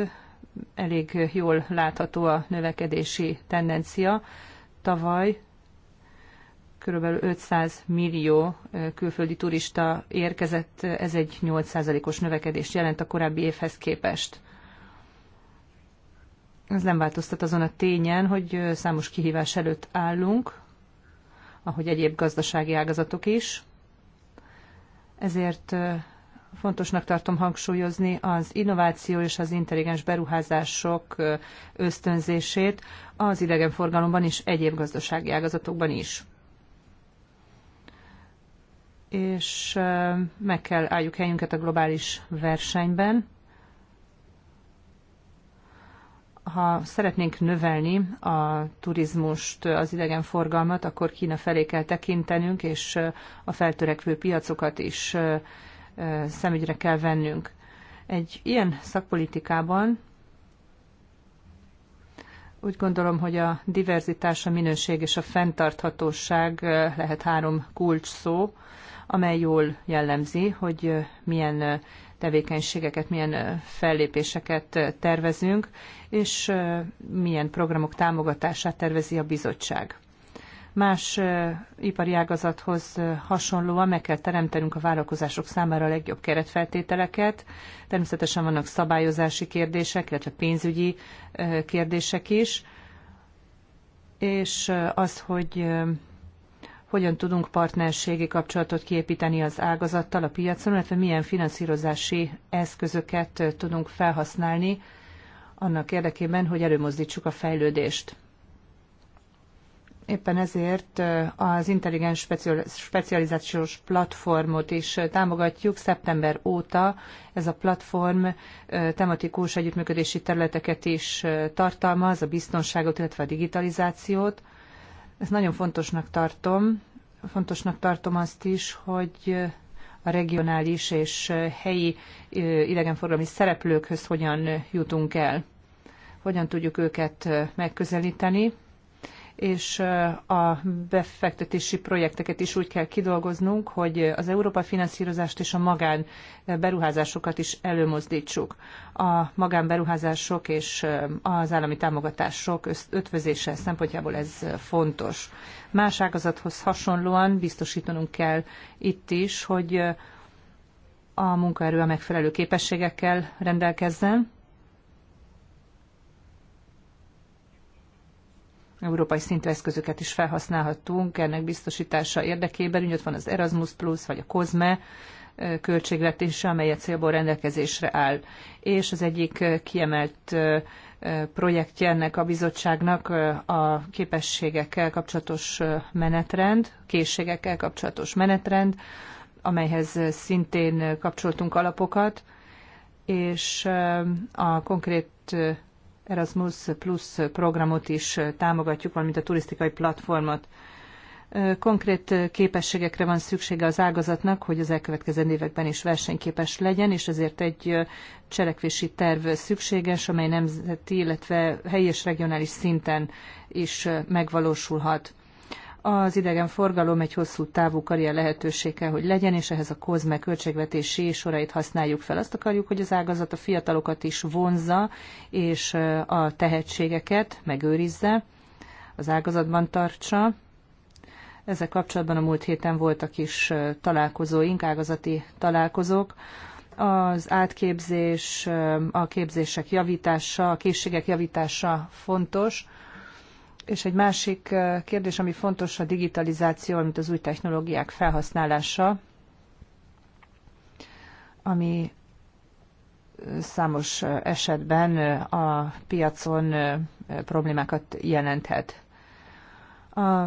elég jól látható a növekedési tendencia. Tavaly kb. 500 millió külföldi turista érkezett, ez egy 8%-os növekedést jelent a korábbi évhez képest. Ez nem változtat azon a tényen, hogy számos kihívás előtt állunk, ahogy egyéb gazdasági ágazatok is. Ezért fontosnak tartom hangsúlyozni az innováció és az intelligens beruházások ösztönzését az idegenforgalomban és egyéb gazdasági ágazatokban is. És meg kell álljuk helyünket a globális versenyben, ha szeretnénk növelni a turizmust, az idegenforgalmat, akkor Kína felé kell tekintenünk, és a feltörekvő piacokat is szemügyre kell vennünk. Egy ilyen szakpolitikában úgy gondolom, hogy a diverzitás, a minőség és a fenntarthatóság lehet három kulcs szó, amely jól jellemzi, hogy milyen tevékenységeket, milyen fellépéseket tervezünk, és milyen programok támogatását tervezi a bizottság. Más ipari ágazathoz hasonlóan meg kell teremtenünk a vállalkozások számára a legjobb keretfeltételeket. Természetesen vannak szabályozási kérdések, illetve pénzügyi kérdések is, és az, hogy hogyan tudunk partnerségi kapcsolatot kiépíteni az ágazattal a piacon, illetve milyen finanszírozási eszközöket tudunk felhasználni annak érdekében, hogy előmozdítsuk a fejlődést. Éppen ezért az intelligens specializációs platformot is támogatjuk. Szeptember óta ez a platform tematikus együttműködési területeket is tartalmaz, a biztonságot, illetve a digitalizációt, ezt nagyon fontosnak tartom. Fontosnak tartom azt is, hogy a regionális és helyi idegenforgalmi szereplőkhöz hogyan jutunk el, hogyan tudjuk őket megközelíteni, és a befektetési projekteket is úgy kell kidolgoznunk, hogy az Európa finanszírozást és a magán beruházásokat is előmozdítsuk. A magánberuházások és az állami támogatások ötvözése szempontjából ez fontos. Más ágazathoz hasonlóan biztosítanunk kell itt is, hogy a munkaerő a megfelelő képességekkel rendelkezzen, európai szintű eszközöket is felhasználhatunk ennek biztosítása érdekében. Úgy ott van az Erasmus Plus vagy a COSME költségvetése, amely a célból rendelkezésre áll. És az egyik kiemelt projektje ennek a bizottságnak a képességekkel kapcsolatos menetrend, készségekkel kapcsolatos menetrend, amelyhez szintén kapcsoltunk alapokat, és a konkrét Erasmus Plus programot is támogatjuk, valamint a turisztikai platformot. Konkrét képességekre van szüksége az ágazatnak, hogy az elkövetkező években is versenyképes legyen, és ezért egy cselekvési terv szükséges, amely nemzeti, illetve helyi és regionális szinten is megvalósulhat. Az idegenforgalom egy hosszú távú karrier lehetőség kell, hogy legyen, és ehhez a COSME költségvetési sorait használjuk fel. Azt akarjuk, hogy az ágazat a fiatalokat is vonzza, és a tehetségeket megőrizze, az ágazatban tartsa. Ezzel kapcsolatban a múlt héten voltak is találkozóink, ágazati találkozók. Az átképzés, a képzések javítása, a készségek javítása fontos és egy másik kérdés, ami fontos, a digitalizáció, mint az új technológiák felhasználása, ami számos esetben a piacon problémákat jelenthet. A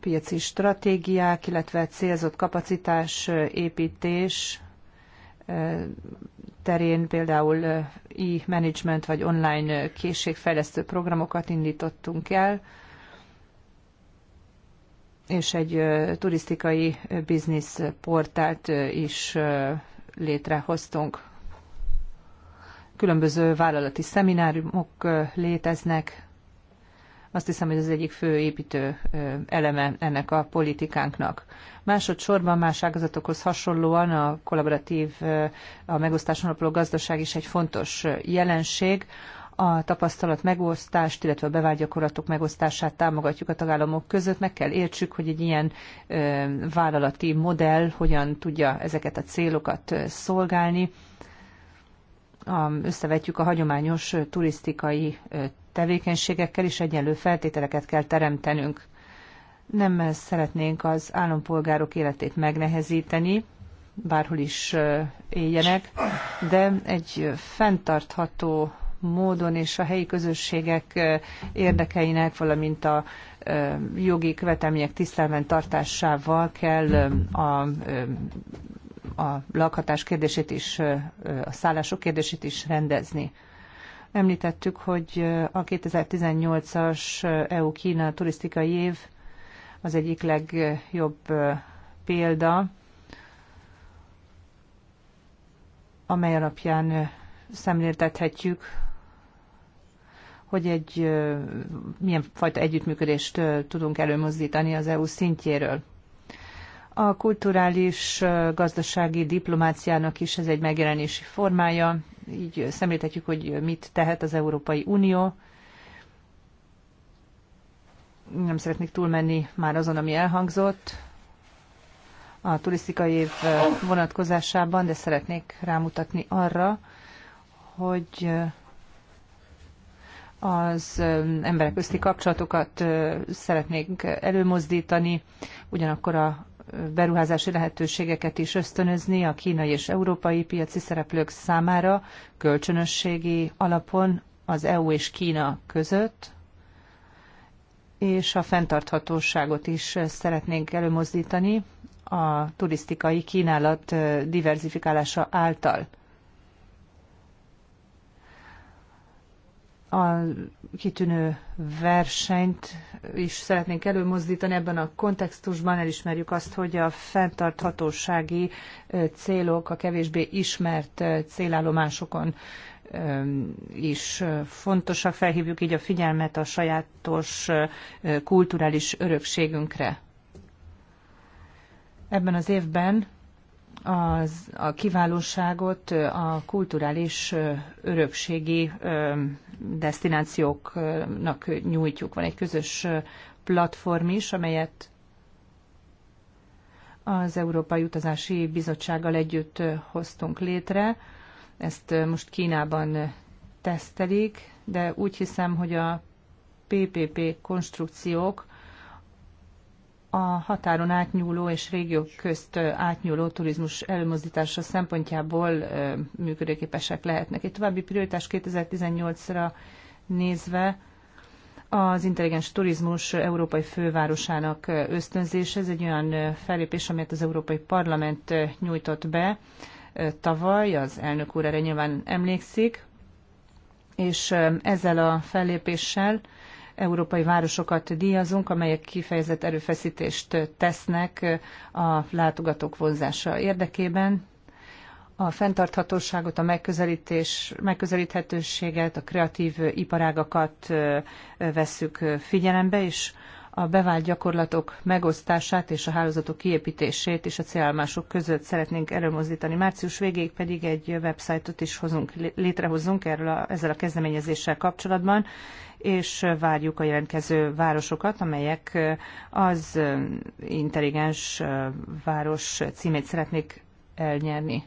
piaci stratégiák, illetve célzott kapacitás építés terén például e-management vagy online készségfejlesztő programokat indítottunk el, és egy turisztikai biznisz portált is létrehoztunk. Különböző vállalati szemináriumok léteznek, azt hiszem, hogy ez egyik fő építő eleme ennek a politikánknak. Másodszorban más ágazatokhoz hasonlóan a kollaboratív, a megosztáson alapuló gazdaság is egy fontos jelenség, a tapasztalat megosztást, illetve a bevált megosztását támogatjuk a tagállamok között. Meg kell értsük, hogy egy ilyen ö, vállalati modell hogyan tudja ezeket a célokat szolgálni. A, összevetjük a hagyományos turisztikai tevékenységekkel is egyenlő feltételeket kell teremtenünk. Nem szeretnénk az állampolgárok életét megnehezíteni, bárhol is éljenek, de egy fenntartható módon és a helyi közösségek érdekeinek, valamint a jogi követelmények tisztelven tartásával kell a a lakhatás kérdését is, a szállások kérdését is rendezni. Említettük, hogy a 2018-as EU-Kína turisztikai év az egyik legjobb példa, amely alapján szemléltethetjük, hogy egy milyen fajta együttműködést tudunk előmozdítani az EU szintjéről. A kulturális gazdasági diplomáciának is ez egy megjelenési formája, így szemléltetjük, hogy mit tehet az Európai Unió. Nem szeretnék túlmenni már azon, ami elhangzott a turisztikai év vonatkozásában, de szeretnék rámutatni arra, hogy az emberek közti kapcsolatokat szeretnék előmozdítani, ugyanakkor a beruházási lehetőségeket is ösztönözni a kínai és európai piaci szereplők számára kölcsönösségi alapon az EU és Kína között, és a fenntarthatóságot is szeretnénk előmozdítani a turisztikai kínálat diverzifikálása által. a kitűnő versenyt is szeretnénk előmozdítani ebben a kontextusban. Elismerjük azt, hogy a fenntarthatósági célok a kevésbé ismert célállomásokon is fontosak. Felhívjuk így a figyelmet a sajátos kulturális örökségünkre. Ebben az évben az, a kiválóságot a kulturális örökségi destinációknak nyújtjuk. Van egy közös platform is, amelyet az Európai Utazási Bizottsággal együtt hoztunk létre. Ezt most Kínában tesztelik, de úgy hiszem, hogy a PPP konstrukciók a határon átnyúló és régiók közt átnyúló turizmus előmozdítása szempontjából működőképesek lehetnek. Egy további prioritás 2018-ra nézve az intelligens turizmus európai fővárosának ösztönzése. Ez egy olyan fellépés, amelyet az Európai Parlament nyújtott be tavaly, az elnök úr erre nyilván emlékszik, és ezzel a fellépéssel európai városokat díjazunk, amelyek kifejezett erőfeszítést tesznek a látogatók vonzása érdekében. A fenntarthatóságot, a megközelítés, megközelíthetőséget, a kreatív iparágakat vesszük figyelembe, és a bevált gyakorlatok megosztását és a hálózatok kiépítését is a célállomások között szeretnénk előmozdítani. Március végéig pedig egy websájtot is hozunk, létrehozunk erről a, ezzel a kezdeményezéssel kapcsolatban, és várjuk a jelentkező városokat, amelyek az intelligens város címét szeretnék elnyerni.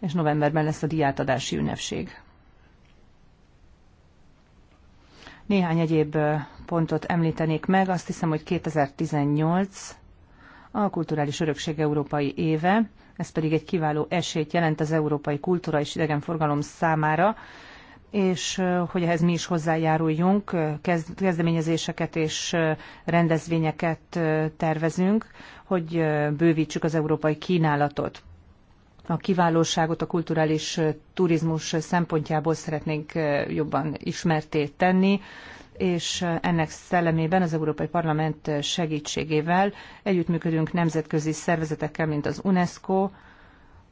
És novemberben lesz a diátadási ünnepség. Néhány egyéb pontot említenék meg. Azt hiszem, hogy 2018 a Kulturális Örökség Európai Éve ez pedig egy kiváló esélyt jelent az európai kultúra és idegenforgalom számára, és hogy ehhez mi is hozzájáruljunk, kezdeményezéseket és rendezvényeket tervezünk, hogy bővítsük az európai kínálatot. A kiválóságot a kulturális turizmus szempontjából szeretnénk jobban ismertét tenni, és ennek szellemében az Európai Parlament segítségével együttműködünk nemzetközi szervezetekkel, mint az UNESCO,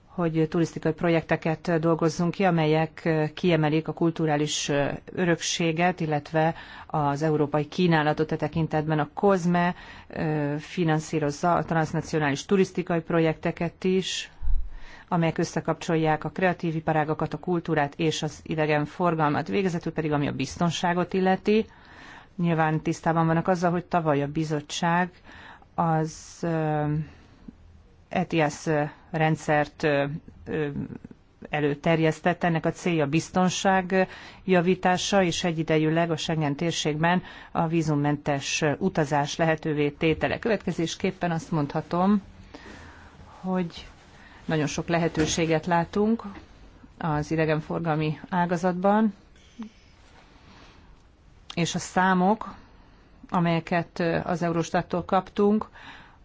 hogy turisztikai projekteket dolgozzunk ki, amelyek kiemelik a kulturális örökséget, illetve az európai kínálatot a e tekintetben. A COSME finanszírozza a transnacionális turisztikai projekteket is, amelyek összekapcsolják a kreatív iparágakat, a kultúrát és az idegen forgalmat. Végezetül pedig, ami a biztonságot illeti, nyilván tisztában vannak azzal, hogy tavaly a bizottság az ETS rendszert előterjesztett. Ennek a célja biztonság javítása és egyidejűleg a Schengen térségben a vízummentes utazás lehetővé tétele. Következésképpen azt mondhatom, hogy nagyon sok lehetőséget látunk az idegenforgalmi ágazatban, és a számok, amelyeket az Eurostattól kaptunk,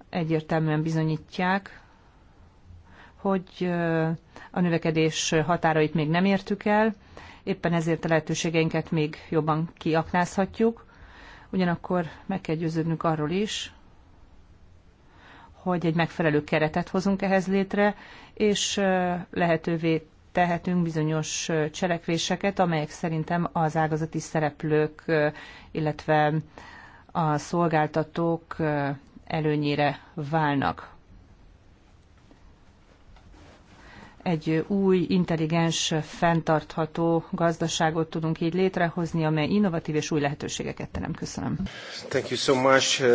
egyértelműen bizonyítják, hogy a növekedés határait még nem értük el, éppen ezért a lehetőségeinket még jobban kiaknázhatjuk. Ugyanakkor meg kell győződnünk arról is, hogy egy megfelelő keretet hozunk ehhez létre, és lehetővé tehetünk bizonyos cselekvéseket, amelyek szerintem az ágazati szereplők, illetve a szolgáltatók előnyére válnak. egy új, intelligens, fenntartható gazdaságot tudunk így létrehozni, amely innovatív és új lehetőségeket teremt. Köszönöm. Thank you so much. Uh,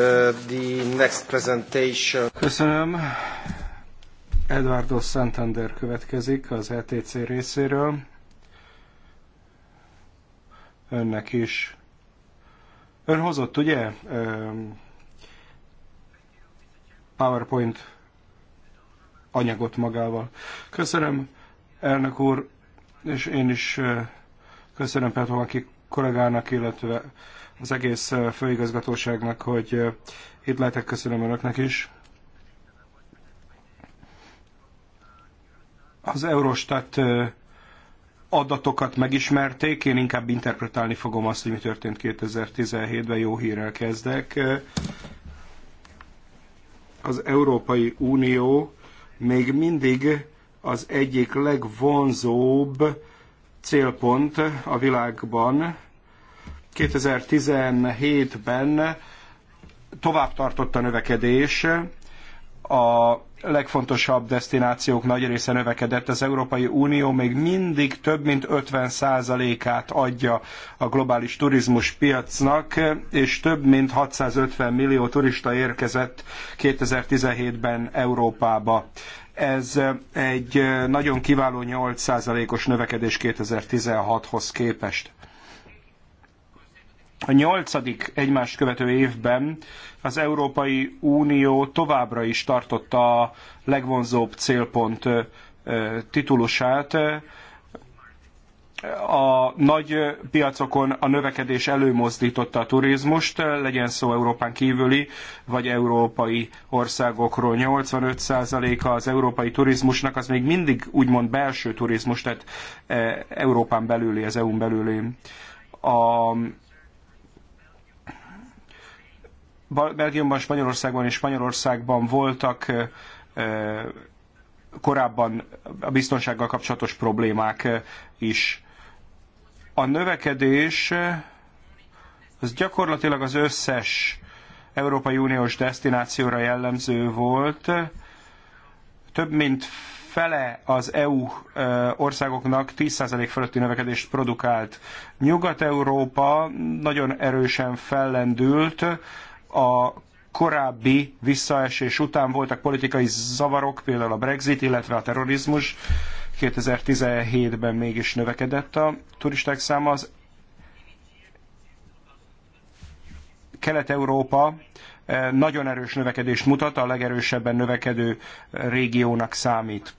the next presentation. Köszönöm. Eduardo Santander következik az ETC részéről. Önnek is. Ön hozott, ugye? Um, PowerPoint anyagot magával. Köszönöm, elnök úr, és én is köszönöm Petrovanki kollégának, illetve az egész főigazgatóságnak, hogy itt lehetek, köszönöm önöknek is. Az Eurostat adatokat megismerték, én inkább interpretálni fogom azt, hogy mi történt 2017-ben, jó hírrel kezdek. Az Európai Unió még mindig az egyik legvonzóbb célpont a világban. 2017-ben tovább tartott a növekedés, a legfontosabb destinációk nagy része növekedett. Az Európai Unió még mindig több mint 50%-át adja a globális turizmus piacnak, és több mint 650 millió turista érkezett 2017-ben Európába. Ez egy nagyon kiváló 8%-os növekedés 2016-hoz képest a nyolcadik egymást követő évben az Európai Unió továbbra is tartotta a legvonzóbb célpont titulusát. A nagy piacokon a növekedés előmozdította a turizmust, legyen szó Európán kívüli vagy európai országokról. 85%-a az európai turizmusnak az még mindig úgymond belső turizmus, tehát e, Európán belüli, az EU-n belüli. A Belgiumban, Spanyolországban és Spanyolországban voltak korábban a biztonsággal kapcsolatos problémák is. A növekedés az gyakorlatilag az összes Európai Uniós destinációra jellemző volt. Több mint fele az EU országoknak 10% fölötti növekedést produkált. Nyugat-Európa nagyon erősen fellendült, a korábbi visszaesés után voltak politikai zavarok, például a Brexit, illetve a terrorizmus. 2017-ben mégis növekedett a turisták száma. Az Kelet-Európa eh, nagyon erős növekedést mutat, a legerősebben növekedő régiónak számít.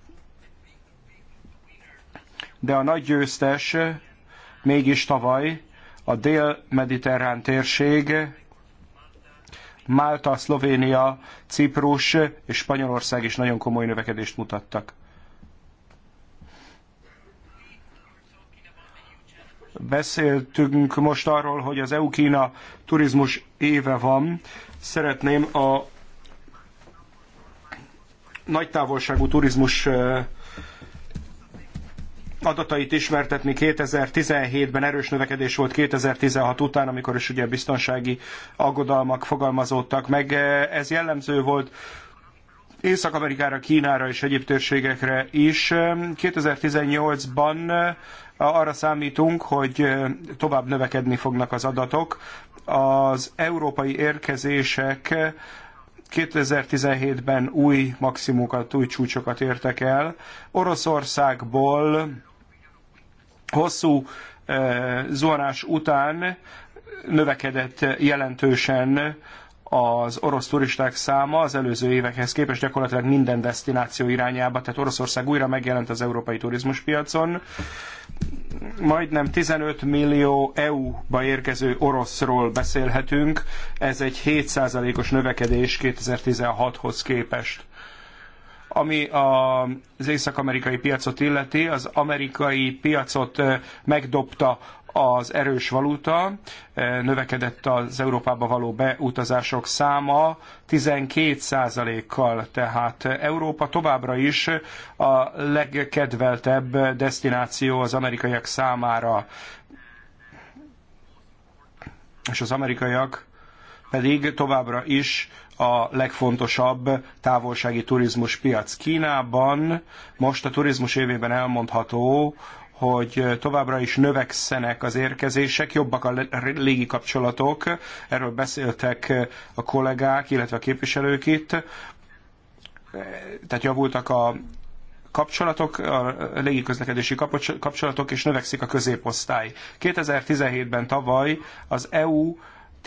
De a nagy győztes eh, mégis tavaly a dél-mediterrán térség Málta, Szlovénia, Ciprus és Spanyolország is nagyon komoly növekedést mutattak. Beszéltünk most arról, hogy az EU-Kína turizmus éve van. Szeretném a nagy távolságú turizmus eh, adatait ismertetni 2017-ben erős növekedés volt 2016 után, amikor is ugye biztonsági aggodalmak fogalmazódtak meg. Ez jellemző volt Észak-Amerikára, Kínára és egyéb térségekre is. 2018-ban arra számítunk, hogy tovább növekedni fognak az adatok. Az európai érkezések 2017-ben új maximumokat, új csúcsokat értek el. Oroszországból hosszú eh, zuhanás után növekedett jelentősen az orosz turisták száma az előző évekhez képest gyakorlatilag minden destináció irányába, tehát Oroszország újra megjelent az európai turizmuspiacon. Majdnem 15 millió EU-ba érkező oroszról beszélhetünk, ez egy 7%-os növekedés 2016-hoz képest. Ami a, az észak-amerikai piacot illeti, az amerikai piacot megdobta az erős valuta, növekedett az Európába való beutazások száma 12%-kal, tehát Európa továbbra is a legkedveltebb destináció az amerikaiak számára. És az amerikaiak pedig továbbra is a legfontosabb távolsági turizmus piac. Kínában most a turizmus évében elmondható, hogy továbbra is növekszenek az érkezések, jobbak a légi kapcsolatok, erről beszéltek a kollégák, illetve a képviselők itt, tehát javultak a kapcsolatok, a légiközlekedési kapcsolatok, és növekszik a középosztály. 2017-ben tavaly az EU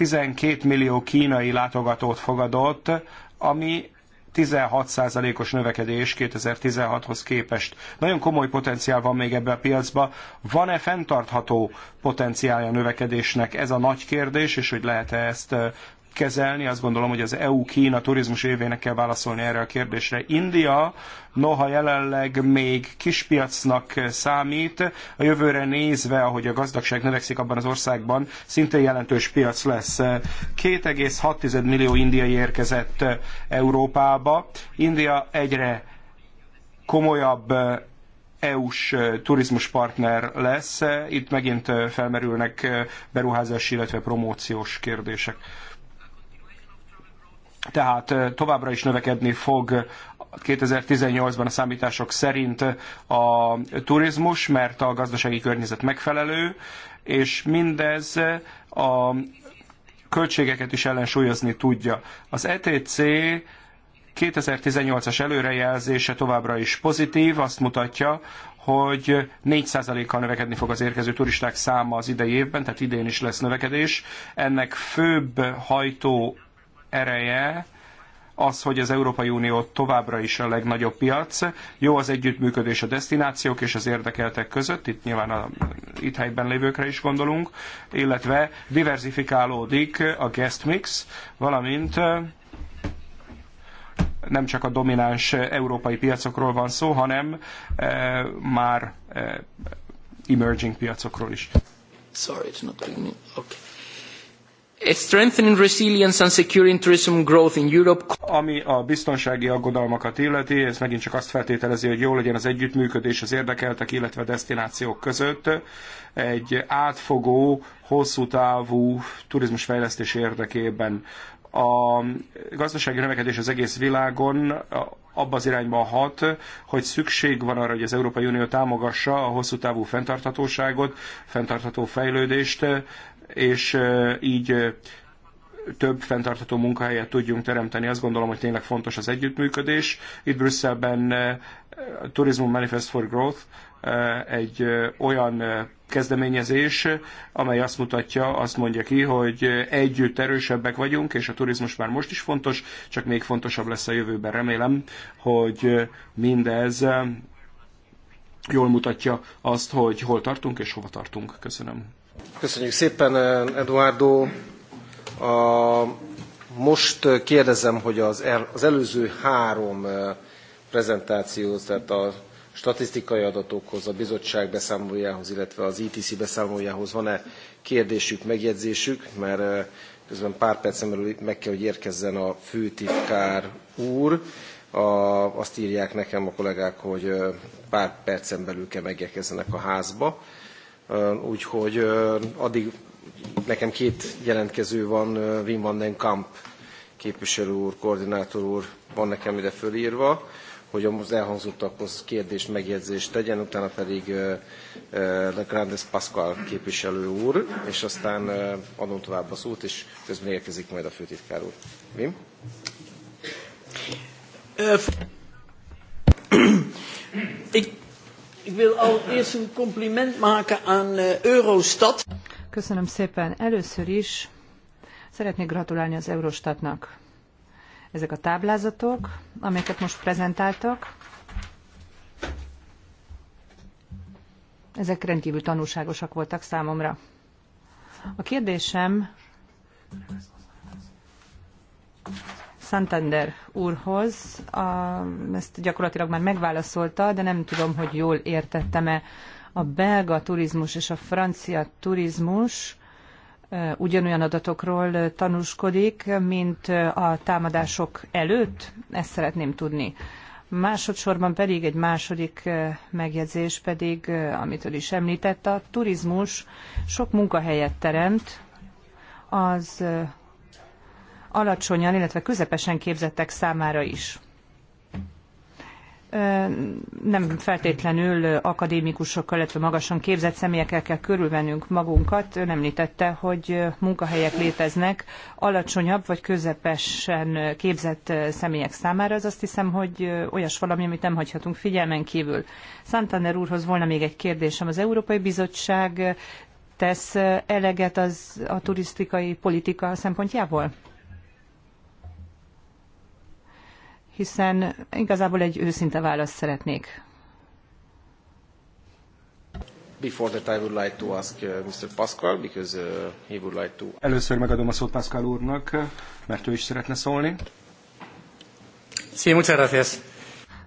12 millió kínai látogatót fogadott, ami 16%-os növekedés 2016-hoz képest. Nagyon komoly potenciál van még ebbe a piacba. Van-e fenntartható potenciálja a növekedésnek? Ez a nagy kérdés, és hogy lehet-e ezt kezelni. Azt gondolom, hogy az EU-Kína turizmus évének kell válaszolni erre a kérdésre. India, noha jelenleg még kispiacnak számít, a jövőre nézve, ahogy a gazdagság növekszik abban az országban, szintén jelentős piac lesz. 2,6 millió indiai érkezett Európába. India egyre komolyabb EU-s turizmuspartner lesz. Itt megint felmerülnek beruházási, illetve promóciós kérdések tehát továbbra is növekedni fog 2018-ban a számítások szerint a turizmus, mert a gazdasági környezet megfelelő, és mindez a költségeket is ellensúlyozni tudja. Az ETC 2018-as előrejelzése továbbra is pozitív, azt mutatja, hogy 4%-kal növekedni fog az érkező turisták száma az idei évben, tehát idén is lesz növekedés. Ennek főbb hajtó ereje az, hogy az Európai Unió továbbra is a legnagyobb piac. Jó az együttműködés a destinációk és az érdekeltek között, itt nyilván a itt helyben lévőkre is gondolunk, illetve diversifikálódik a guest mix, valamint nem csak a domináns európai piacokról van szó, hanem e, már e, emerging piacokról is. Sorry, it's not okay. Strengthening resilience and securing tourism growth in Europe. Ami a biztonsági aggodalmakat illeti, ez megint csak azt feltételezi, hogy jó legyen az együttműködés az érdekeltek, illetve a destinációk között. Egy átfogó, hosszú távú turizmusfejlesztés érdekében a gazdasági növekedés az egész világon abba az irányba hat, hogy szükség van arra, hogy az Európai Unió támogassa a hosszú távú fenntarthatóságot, fenntartható fejlődést, és így több fenntartható munkahelyet tudjunk teremteni. Azt gondolom, hogy tényleg fontos az együttműködés. Itt Brüsszelben a Tourism Manifest for Growth egy olyan kezdeményezés, amely azt mutatja, azt mondja ki, hogy együtt erősebbek vagyunk, és a turizmus már most is fontos, csak még fontosabb lesz a jövőben. Remélem, hogy mindez jól mutatja azt, hogy hol tartunk és hova tartunk. Köszönöm. Köszönjük szépen, Eduardo. A, most kérdezem, hogy az, el, az előző három prezentációhoz, tehát a statisztikai adatokhoz, a bizottság beszámolójához, illetve az ITC e beszámolójához van-e kérdésük, megjegyzésük, mert közben pár percen belül meg kell, hogy érkezzen a főtitkár úr. A, azt írják nekem a kollégák, hogy pár percen belül kell megérkezzenek a házba úgyhogy addig nekem két jelentkező van, Wim van den Kamp képviselő úr, koordinátor úr van nekem ide fölírva, hogy az elhangzottakhoz kérdést, megjegyzést tegyen, utána pedig Le Grandes Pascal képviselő úr, és aztán adom tovább a szót, és közben érkezik majd a főtitkár úr. Wim? Ik wil allereerst een compliment maken aan eh, Eurostat. Köszönöm szépen. Először is szeretnék gratulálni az Eurostatnak. Ezek a táblázatok, amelyeket most prezentáltak, ezek rendkívül tanulságosak voltak számomra. A kérdésem Santander úrhoz. A, ezt gyakorlatilag már megválaszolta, de nem tudom, hogy jól értettem-e. A belga turizmus és a francia turizmus ugyanolyan adatokról tanúskodik, mint a támadások előtt? Ezt szeretném tudni. Másodszorban pedig egy második megjegyzés pedig, amit ön is említett, a turizmus sok munkahelyet teremt, az alacsonyan, illetve közepesen képzettek számára is. Nem feltétlenül akadémikusokkal, illetve magasan képzett személyekkel kell körülvennünk magunkat. Ön említette, hogy munkahelyek léteznek alacsonyabb vagy közepesen képzett személyek számára. Ez azt hiszem, hogy olyas valami, amit nem hagyhatunk figyelmen kívül. Santander úrhoz volna még egy kérdésem. Az Európai Bizottság tesz eleget az a turisztikai politika szempontjából? hiszen igazából egy őszinte választ szeretnék. Before that I would like to ask uh, Mr. Pascal, because uh, he would like to... Először megadom a szót Pascal úrnak, mert ő is szeretne szólni. Sí, muchas gracias.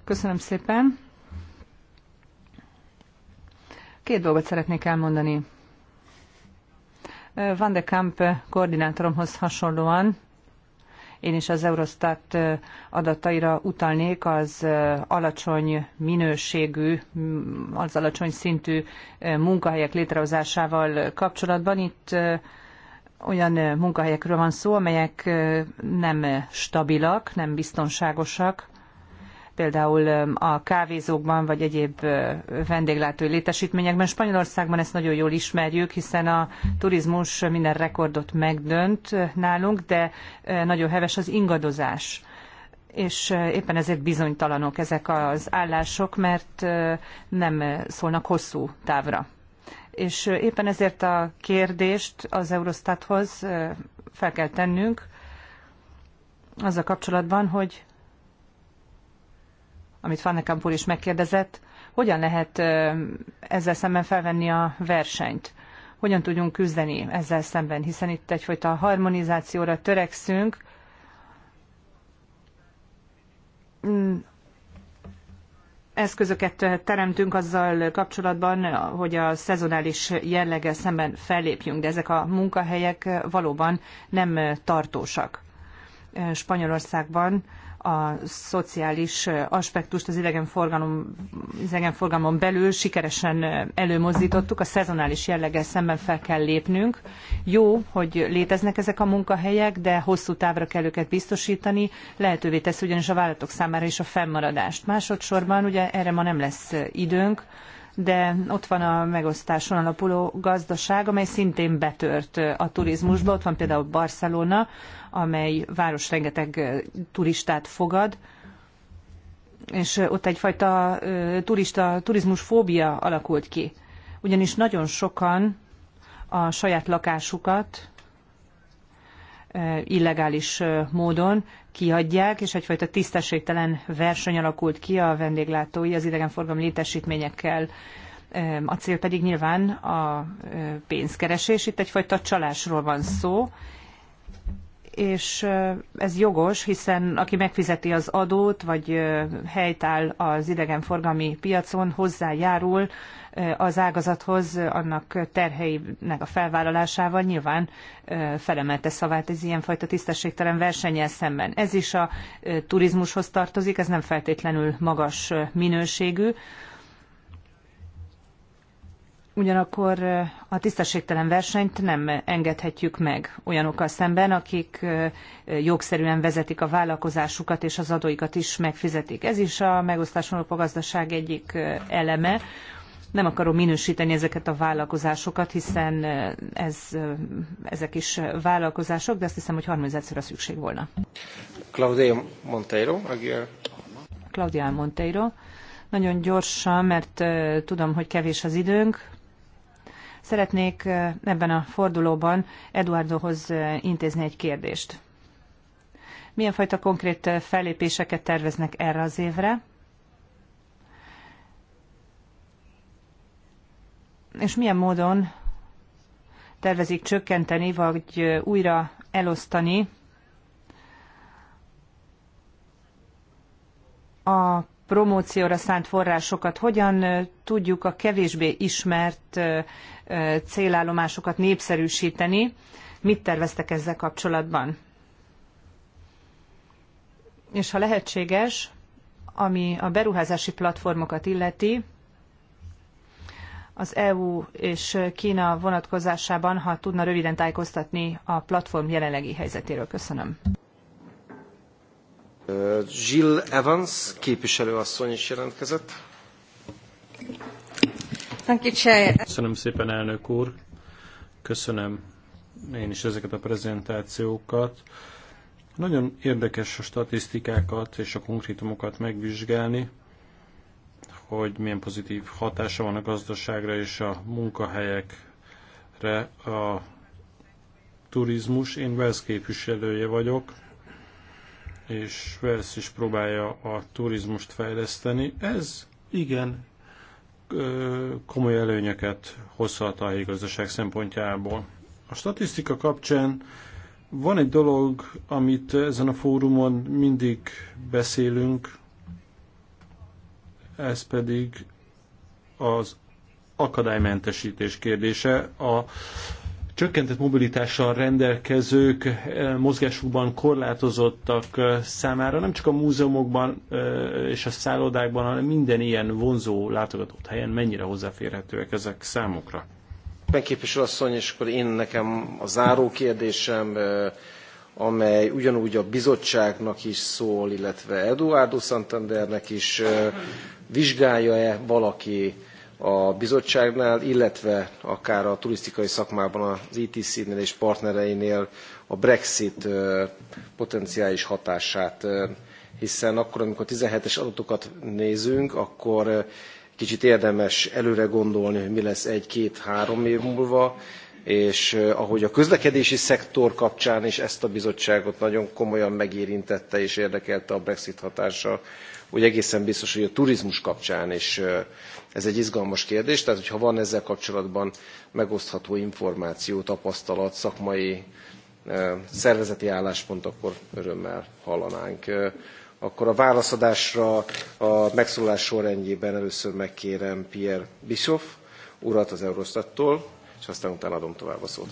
Köszönöm szépen. Két dolgot szeretnék elmondani. Van de Kamp koordinátoromhoz hasonlóan én is az Eurostat adataira utalnék az alacsony minőségű, az alacsony szintű munkahelyek létrehozásával kapcsolatban. Itt olyan munkahelyekről van szó, amelyek nem stabilak, nem biztonságosak, például a kávézókban vagy egyéb vendéglátói létesítményekben. Spanyolországban ezt nagyon jól ismerjük, hiszen a turizmus minden rekordot megdönt nálunk, de nagyon heves az ingadozás és éppen ezért bizonytalanok ezek az állások, mert nem szólnak hosszú távra. És éppen ezért a kérdést az Eurostathoz fel kell tennünk azzal kapcsolatban, hogy amit Fannekamp úr is megkérdezett, hogyan lehet ezzel szemben felvenni a versenyt? Hogyan tudjunk küzdeni ezzel szemben? Hiszen itt egyfajta harmonizációra törekszünk. Mm, eszközöket teremtünk azzal kapcsolatban, hogy a szezonális jelleggel szemben fellépjünk, de ezek a munkahelyek valóban nem tartósak. Spanyolországban a szociális aspektust az idegenforgalom, idegenforgalmon belül sikeresen előmozdítottuk, a szezonális jelleggel szemben fel kell lépnünk. Jó, hogy léteznek ezek a munkahelyek, de hosszú távra kell őket biztosítani, lehetővé tesz ugyanis a vállalatok számára is a fennmaradást. Másodszorban ugye erre ma nem lesz időnk, de ott van a megosztáson alapuló gazdaság, amely szintén betört a turizmusba. Ott van például Barcelona, amely város rengeteg turistát fogad, és ott egyfajta turista, turizmus fóbia alakult ki. Ugyanis nagyon sokan a saját lakásukat illegális módon kiadják, és egyfajta tisztességtelen verseny alakult ki a vendéglátói az idegenforgalmi létesítményekkel. A cél pedig nyilván a pénzkeresés. Itt egyfajta csalásról van szó, és ez jogos, hiszen aki megfizeti az adót, vagy helytáll az idegenforgalmi piacon, hozzájárul az ágazathoz, annak terheinek a felvállalásával nyilván felemelte szavát ez ilyenfajta tisztességtelen versennyel szemben. Ez is a turizmushoz tartozik, ez nem feltétlenül magas minőségű, ugyanakkor a tisztességtelen versenyt nem engedhetjük meg olyanokkal szemben, akik jogszerűen vezetik a vállalkozásukat és az adóikat is megfizetik. Ez is a megosztáson a gazdaság egyik eleme. Nem akarom minősíteni ezeket a vállalkozásokat, hiszen ez, ezek is vállalkozások, de azt hiszem, hogy 30 egyszerre szükség volna. Claudia Monteiro, Aguiar. Claudia Monteiro. Nagyon gyorsan, mert tudom, hogy kevés az időnk. Szeretnék ebben a fordulóban Eduardohoz intézni egy kérdést. Milyen fajta konkrét fellépéseket terveznek erre az évre? És milyen módon tervezik csökkenteni, vagy újra elosztani a promócióra szánt forrásokat? Hogyan tudjuk a kevésbé ismert célállomásokat népszerűsíteni. Mit terveztek ezzel kapcsolatban? És ha lehetséges, ami a beruházási platformokat illeti, az EU és Kína vonatkozásában, ha tudna röviden tájékoztatni a platform jelenlegi helyzetéről. Köszönöm. Jill Evans képviselőasszony is jelentkezett. Köszönöm szépen, elnök úr. Köszönöm én is ezeket a prezentációkat. Nagyon érdekes a statisztikákat és a konkrétumokat megvizsgálni, hogy milyen pozitív hatása van a gazdaságra és a munkahelyekre a turizmus. Én Velsz képviselője vagyok, és Velsz is próbálja a turizmust fejleszteni. Ez igen komoly előnyeket hozhat a helyi gazdaság szempontjából. A statisztika kapcsán van egy dolog, amit ezen a fórumon mindig beszélünk, ez pedig az akadálymentesítés kérdése. A csökkentett mobilitással rendelkezők eh, mozgásukban korlátozottak eh, számára nem csak a múzeumokban eh, és a szállodákban, hanem minden ilyen vonzó látogatott helyen mennyire hozzáférhetőek ezek számukra. asszony, és akkor én nekem a záró kérdésem, amely ugyanúgy a bizottságnak is szól, illetve Eduardo Santandernek is, vizsgálja-e valaki a bizottságnál, illetve akár a turisztikai szakmában az ETC-nél és partnereinél a Brexit potenciális hatását, hiszen akkor, amikor 17-es adatokat nézünk, akkor kicsit érdemes előre gondolni, hogy mi lesz egy-két-három év múlva, és ahogy a közlekedési szektor kapcsán is ezt a bizottságot nagyon komolyan megérintette és érdekelte a Brexit hatása, hogy egészen biztos, hogy a turizmus kapcsán is ez egy izgalmas kérdés, tehát hogyha van ezzel kapcsolatban megosztható információ, tapasztalat, szakmai szervezeti álláspont, akkor örömmel hallanánk. Akkor a válaszadásra a megszólás sorrendjében először megkérem Pierre Bischoff urat az Eurostattól, és aztán utána adom tovább a szót.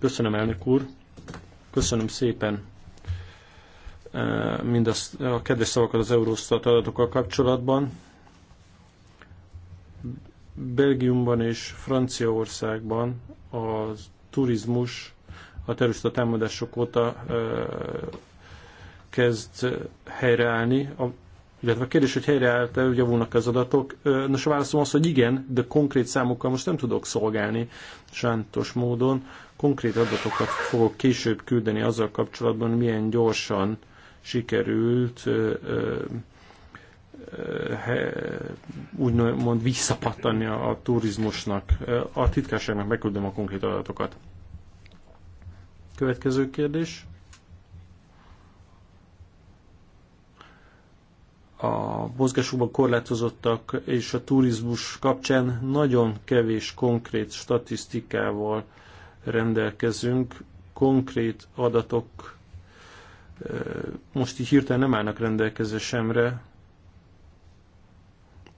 Köszönöm, elnök úr. Köszönöm szépen eh, mindazt a kedves szavakat az Eurostat adatokkal kapcsolatban. Belgiumban és Franciaországban a turizmus a terrorista támadások óta eh, kezd helyreállni illetve a kérdés, hogy helyreállt-e, hogy javulnak az adatok. Nos, a válaszom az, hogy igen, de konkrét számokkal most nem tudok szolgálni sántos módon. Konkrét adatokat fogok később küldeni azzal kapcsolatban, milyen gyorsan sikerült úgymond visszapattani a, a turizmusnak. A titkárságnak megküldöm a konkrét adatokat. Következő kérdés. a mozgásukban korlátozottak és a turizmus kapcsán nagyon kevés konkrét statisztikával rendelkezünk, konkrét adatok most így hirtelen nem állnak rendelkezésemre.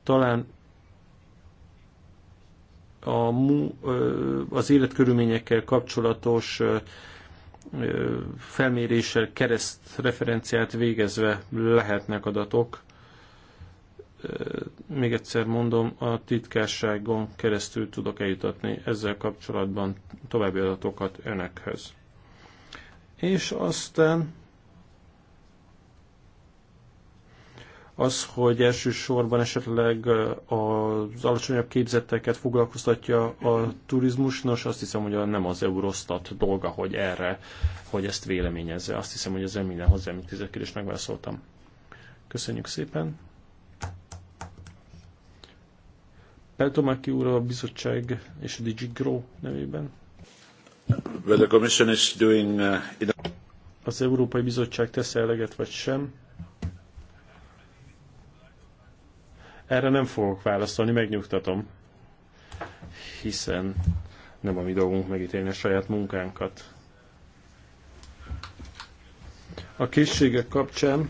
Talán a, az életkörülményekkel kapcsolatos felmérése kereszt referenciát végezve lehetnek adatok még egyszer mondom, a titkárságon keresztül tudok eljutatni ezzel kapcsolatban további adatokat önökhöz. És aztán az, hogy elsősorban esetleg az alacsonyabb képzetteket foglalkoztatja a turizmus, nos azt hiszem, hogy nem az Eurostat dolga, hogy erre, hogy ezt véleményezze. Azt hiszem, hogy ezzel minden hozzá, amit kérdést megválaszoltam. Köszönjük szépen! Peltomaki úr a bizottság és a DigiGrow nevében. Well, the commission is doing, uh, Az Európai Bizottság tesz eleget vagy sem? Erre nem fogok válaszolni, megnyugtatom, hiszen nem a mi dolgunk megítélni a saját munkánkat. A készségek kapcsán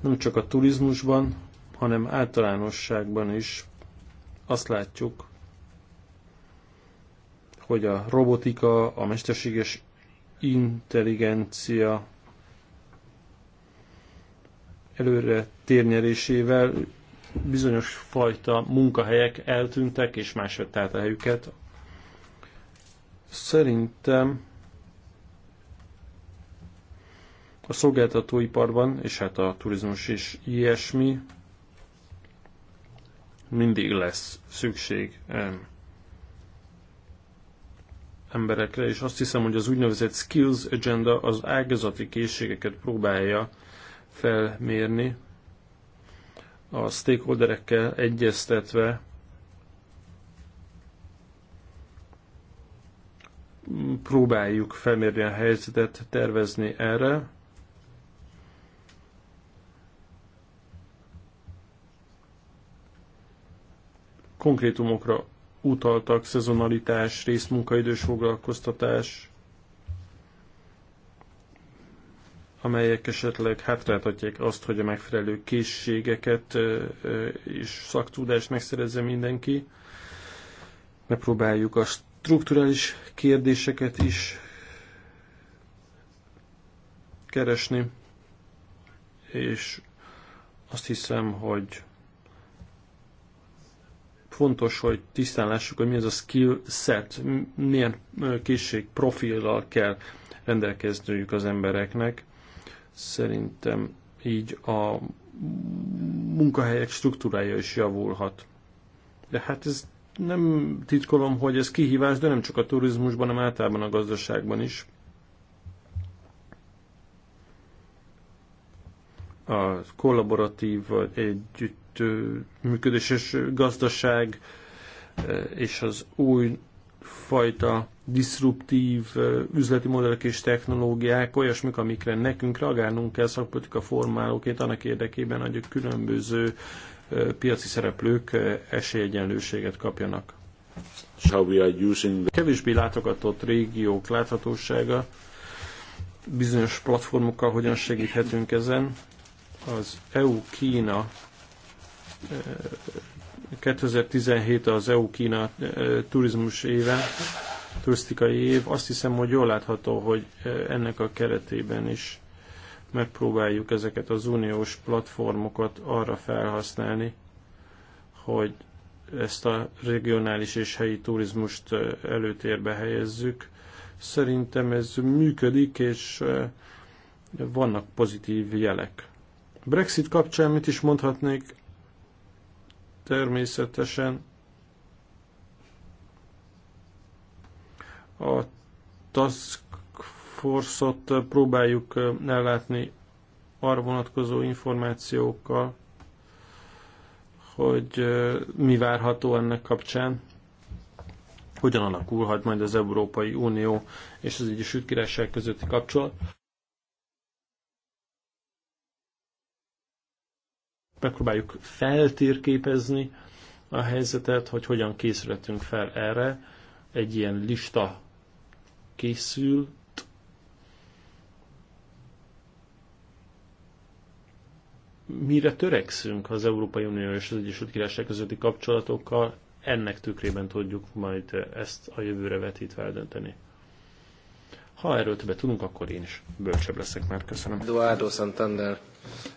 nem csak a turizmusban, hanem általánosságban is azt látjuk, hogy a robotika, a mesterséges intelligencia előre térnyerésével bizonyos fajta munkahelyek eltűntek és máshogy tehát a helyüket. Szerintem A szolgáltatóiparban, és hát a turizmus is ilyesmi, mindig lesz szükség emberekre, és azt hiszem, hogy az úgynevezett skills agenda az ágazati készségeket próbálja felmérni, a stakeholderekkel egyeztetve próbáljuk felmérni a helyzetet, tervezni erre. konkrétumokra utaltak, szezonalitás, részmunkaidős foglalkoztatás, amelyek esetleg hátráltatják azt, hogy a megfelelő készségeket és szaktudást megszerezze mindenki. Megpróbáljuk a strukturális kérdéseket is keresni, és azt hiszem, hogy fontos, hogy tisztán lássuk, hogy mi az a skill set, milyen készség profillal kell rendelkezniük az embereknek. Szerintem így a munkahelyek struktúrája is javulhat. De hát ez nem titkolom, hogy ez kihívás, de nem csak a turizmusban, hanem általában a gazdaságban is. a kollaboratív együtt működéses gazdaság és az új fajta diszruptív üzleti modellek és technológiák, olyasmik, amikre nekünk reagálnunk kell szakpolitika formálóként annak érdekében, hogy a különböző piaci szereplők esélyegyenlőséget kapjanak. Kevésbé látogatott régiók láthatósága, bizonyos platformokkal hogyan segíthetünk ezen. Az EU-Kína 2017 az EU-Kína turizmus éve, turisztikai év. Azt hiszem, hogy jól látható, hogy ennek a keretében is megpróbáljuk ezeket az uniós platformokat arra felhasználni, hogy ezt a regionális és helyi turizmust előtérbe helyezzük. Szerintem ez működik, és vannak pozitív jelek. Brexit kapcsán mit is mondhatnék? természetesen a task force-ot próbáljuk ellátni arra vonatkozó információkkal, hogy mi várható ennek kapcsán, hogyan alakulhat majd az Európai Unió és az Egyesült Királyság közötti kapcsolat. megpróbáljuk feltérképezni a helyzetet, hogy hogyan készülhetünk fel erre. Egy ilyen lista készül, mire törekszünk az Európai Unió és az Egyesült Királyság közötti kapcsolatokkal, ennek tükrében tudjuk majd ezt a jövőre vetítve eldönteni. Ha erről többet tudunk, akkor én is bölcsebb leszek már. Köszönöm. Eduardo Santander,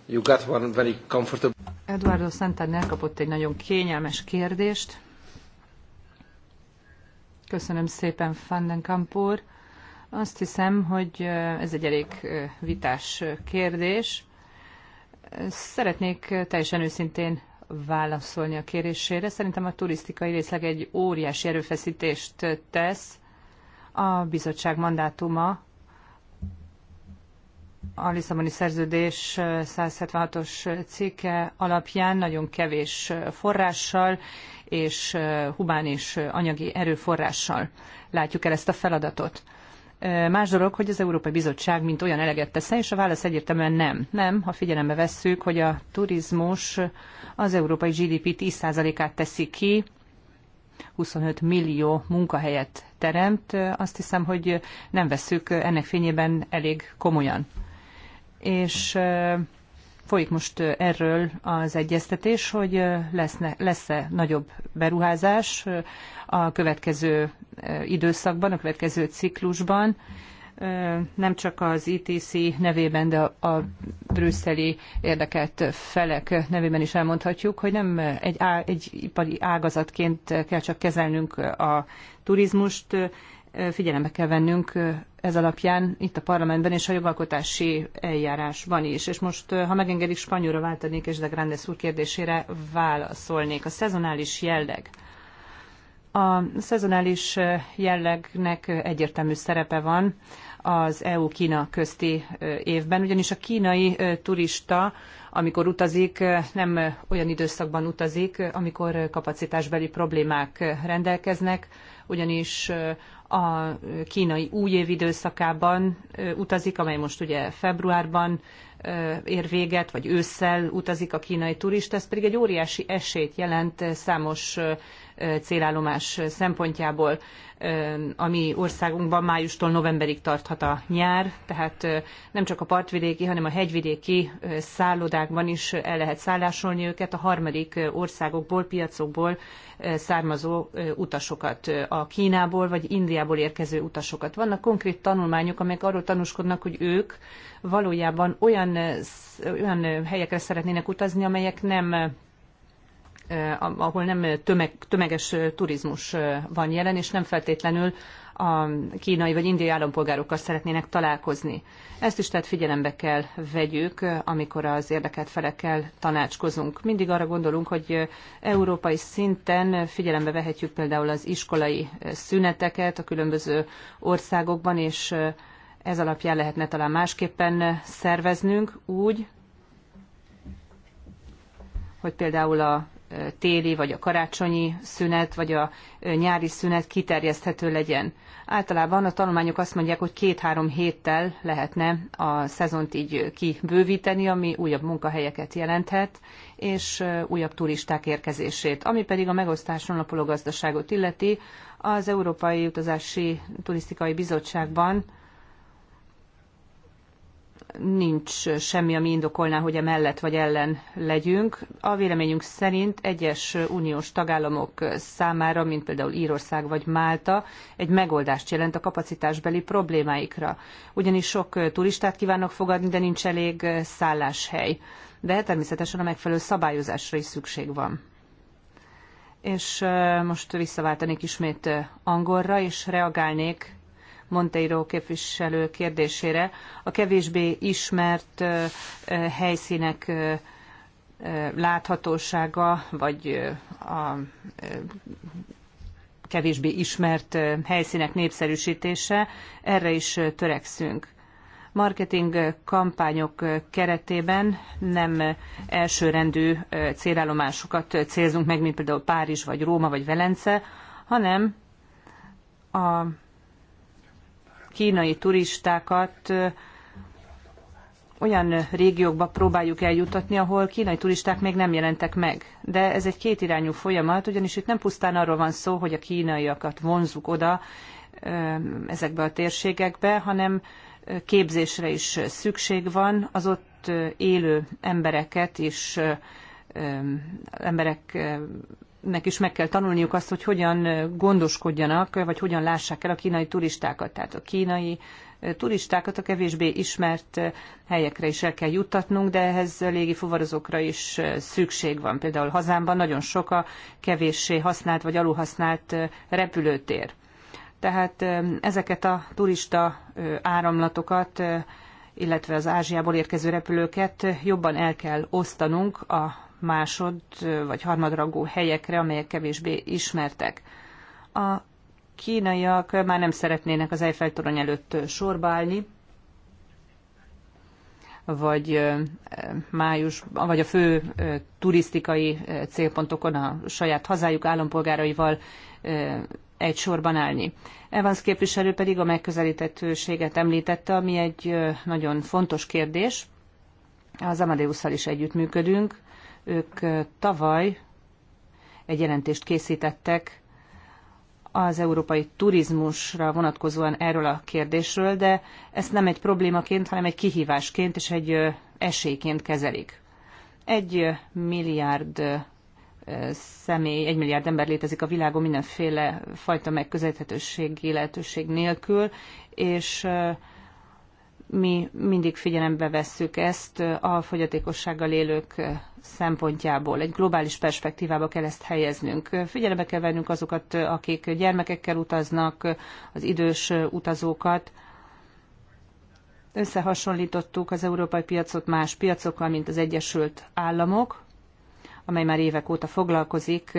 you got one very comfortable... Eduardo Santander kapott egy nagyon kényelmes kérdést. Köszönöm szépen, Fandenkamp úr. Azt hiszem, hogy eh, ez egy elég eh, vitás eh, kérdés. Szeretnék teljesen őszintén válaszolni a kérésére. Szerintem a turisztikai részleg egy óriási erőfeszítést tesz, a bizottság mandátuma a Lisszaboni szerződés 176-os cikke alapján nagyon kevés forrással és hubán és anyagi erőforrással látjuk el ezt a feladatot. Más dolog, hogy az Európai Bizottság mint olyan eleget tesz és a válasz egyértelműen nem. Nem, ha figyelembe vesszük, hogy a turizmus az európai GDP 10%-át teszi ki, 25 millió munkahelyet teremt, azt hiszem, hogy nem veszük ennek fényében elég komolyan. És folyik most erről az egyeztetés, hogy lesz-e nagyobb beruházás a következő időszakban, a következő ciklusban, nem csak az ITC nevében, de a brüsszeli érdekelt felek nevében is elmondhatjuk, hogy nem egy, á, egy ipari ágazatként kell csak kezelnünk a turizmust figyelembe kell vennünk ez alapján itt a parlamentben és a jogalkotási eljárásban is. És most, ha megengedik, spanyolra váltanék, és de Grandes úr kérdésére válaszolnék. A szezonális jelleg. A szezonális jellegnek egyértelmű szerepe van az EU-Kína közti évben, ugyanis a kínai turista, amikor utazik, nem olyan időszakban utazik, amikor kapacitásbeli problémák rendelkeznek, ugyanis a kínai újév időszakában utazik, amely most ugye februárban ér véget, vagy ősszel utazik a kínai turista, ez pedig egy óriási esélyt jelent számos célállomás szempontjából a mi országunkban májustól novemberig tarthat a nyár, tehát nem csak a partvidéki, hanem a hegyvidéki szállodákban is el lehet szállásolni őket, a harmadik országokból, piacokból származó utasokat, a Kínából vagy Indiából érkező utasokat. Vannak konkrét tanulmányok, amelyek arról tanúskodnak, hogy ők valójában olyan, olyan helyekre szeretnének utazni, amelyek nem ahol nem tömeg, tömeges turizmus van jelen, és nem feltétlenül a kínai vagy indiai állampolgárokkal szeretnének találkozni. Ezt is tehát figyelembe kell vegyük, amikor az érdekelt felekkel tanácskozunk. Mindig arra gondolunk, hogy európai szinten figyelembe vehetjük például az iskolai szüneteket a különböző országokban, és ez alapján lehetne talán másképpen szerveznünk úgy, hogy például a téli vagy a karácsonyi szünet, vagy a nyári szünet kiterjeszthető legyen. Általában a tanulmányok azt mondják, hogy két-három héttel lehetne a szezont így kibővíteni, ami újabb munkahelyeket jelenthet, és újabb turisták érkezését. Ami pedig a megosztáson a gazdaságot illeti, az Európai Utazási Turisztikai Bizottságban nincs semmi, ami indokolná, hogy emellett vagy ellen legyünk. A véleményünk szerint egyes uniós tagállamok számára, mint például Írország vagy Málta, egy megoldást jelent a kapacitásbeli problémáikra. Ugyanis sok turistát kívánnak fogadni, de nincs elég szálláshely. De természetesen a megfelelő szabályozásra is szükség van. És eh, most visszaváltanék ismét eh, angolra, és reagálnék Monteiro képviselő kérdésére. A kevésbé ismert helyszínek láthatósága, vagy a kevésbé ismert helyszínek népszerűsítése, erre is törekszünk marketing kampányok keretében nem elsőrendű célállomásokat célzunk meg, mint például Párizs, vagy Róma, vagy Velence, hanem a kínai turistákat olyan régiókba próbáljuk eljutatni, ahol kínai turisták még nem jelentek meg. De ez egy kétirányú folyamat, ugyanis itt nem pusztán arról van szó, hogy a kínaiakat vonzuk oda ezekbe a térségekbe, hanem képzésre is szükség van, az ott élő embereket is emberek nek is meg kell tanulniuk azt, hogy hogyan gondoskodjanak, vagy hogyan lássák el a kínai turistákat. Tehát a kínai turistákat a kevésbé ismert helyekre is el kell juttatnunk, de ehhez fuvarozókra is szükség van. Például hazámban nagyon sok a kevéssé használt vagy alulhasznált repülőtér. Tehát ezeket a turista áramlatokat illetve az Ázsiából érkező repülőket jobban el kell osztanunk a másod vagy harmadragú helyekre, amelyek kevésbé ismertek. A kínaiak már nem szeretnének az Eiffel torony előtt sorba állni, vagy május, vagy a fő turisztikai célpontokon a saját hazájuk állampolgáraival egy sorban állni. Evans képviselő pedig a megközelíthetőséget említette, ami egy nagyon fontos kérdés. Az Amadeusszal is együttműködünk, ők tavaly egy jelentést készítettek az európai turizmusra vonatkozóan erről a kérdésről, de ezt nem egy problémaként, hanem egy kihívásként és egy esélyként kezelik. Egy milliárd személy, egy milliárd ember létezik a világon mindenféle fajta megközelíthetőség lehetőség nélkül, és mi mindig figyelembe vesszük ezt a fogyatékossággal élők szempontjából. Egy globális perspektívába kell ezt helyeznünk. Figyelembe kell vennünk azokat, akik gyermekekkel utaznak, az idős utazókat. Összehasonlítottuk az európai piacot más piacokkal, mint az Egyesült Államok, amely már évek óta foglalkozik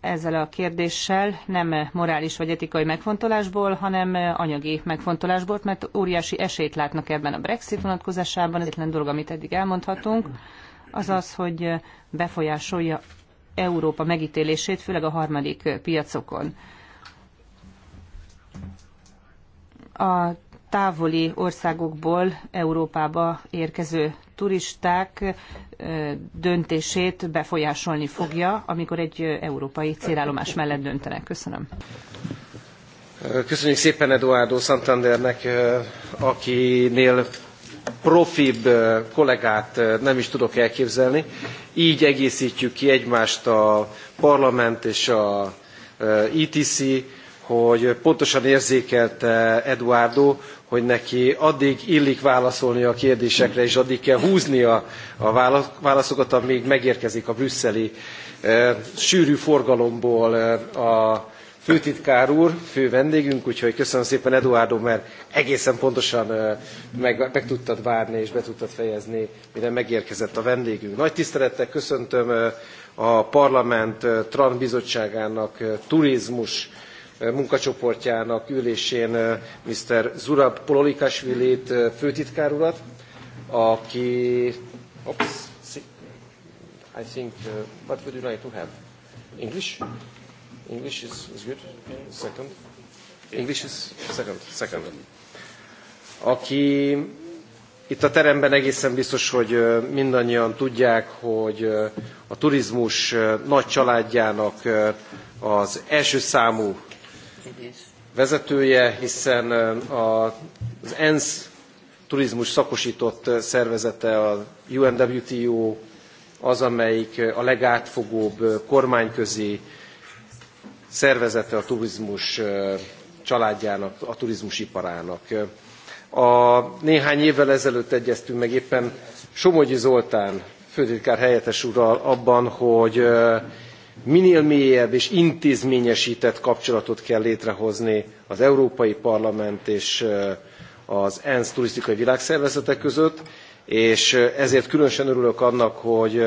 ezzel a kérdéssel nem morális vagy etikai megfontolásból, hanem anyagi megfontolásból, mert óriási esélyt látnak ebben a Brexit vonatkozásában. Egyetlen dolog, amit eddig elmondhatunk, az az, hogy befolyásolja Európa megítélését, főleg a harmadik piacokon. A távoli országokból Európába érkező turisták döntését befolyásolni fogja, amikor egy európai célállomás mellett döntenek. Köszönöm. Köszönjük szépen Eduardo Santandernek, akinél profibb kollégát nem is tudok elképzelni. Így egészítjük ki egymást a parlament és a ETC hogy pontosan érzékelte Eduardo, hogy neki addig illik válaszolni a kérdésekre, és addig kell húznia a válaszokat, amíg megérkezik a brüsszeli sűrű forgalomból a főtitkár úr, fő vendégünk, úgyhogy köszönöm szépen Eduardo, mert egészen pontosan meg, meg tudtad várni és be tudtad fejezni, mire megérkezett a vendégünk. Nagy tisztelettel köszöntöm a Parlament Tran Bizottságának turizmus munkacsoportjának ülésén Mr. Zurab Pololikasvilit főtitkár urat, aki... Oops, I think, uh, what would you like to have? English? English is, is good? Second? English is second, second. Aki itt a teremben egészen biztos, hogy mindannyian tudják, hogy a turizmus nagy családjának az első számú vezetője, hiszen az ENSZ turizmus szakosított szervezete, a UNWTO az, amelyik a legátfogóbb kormányközi szervezete a turizmus családjának, a turizmus iparának. A néhány évvel ezelőtt egyeztünk meg éppen Somogyi Zoltán főtitkár helyettes úrral abban, hogy minél mélyebb és intézményesített kapcsolatot kell létrehozni az Európai Parlament és az ENSZ turisztikai világszervezete között, és ezért különösen örülök annak, hogy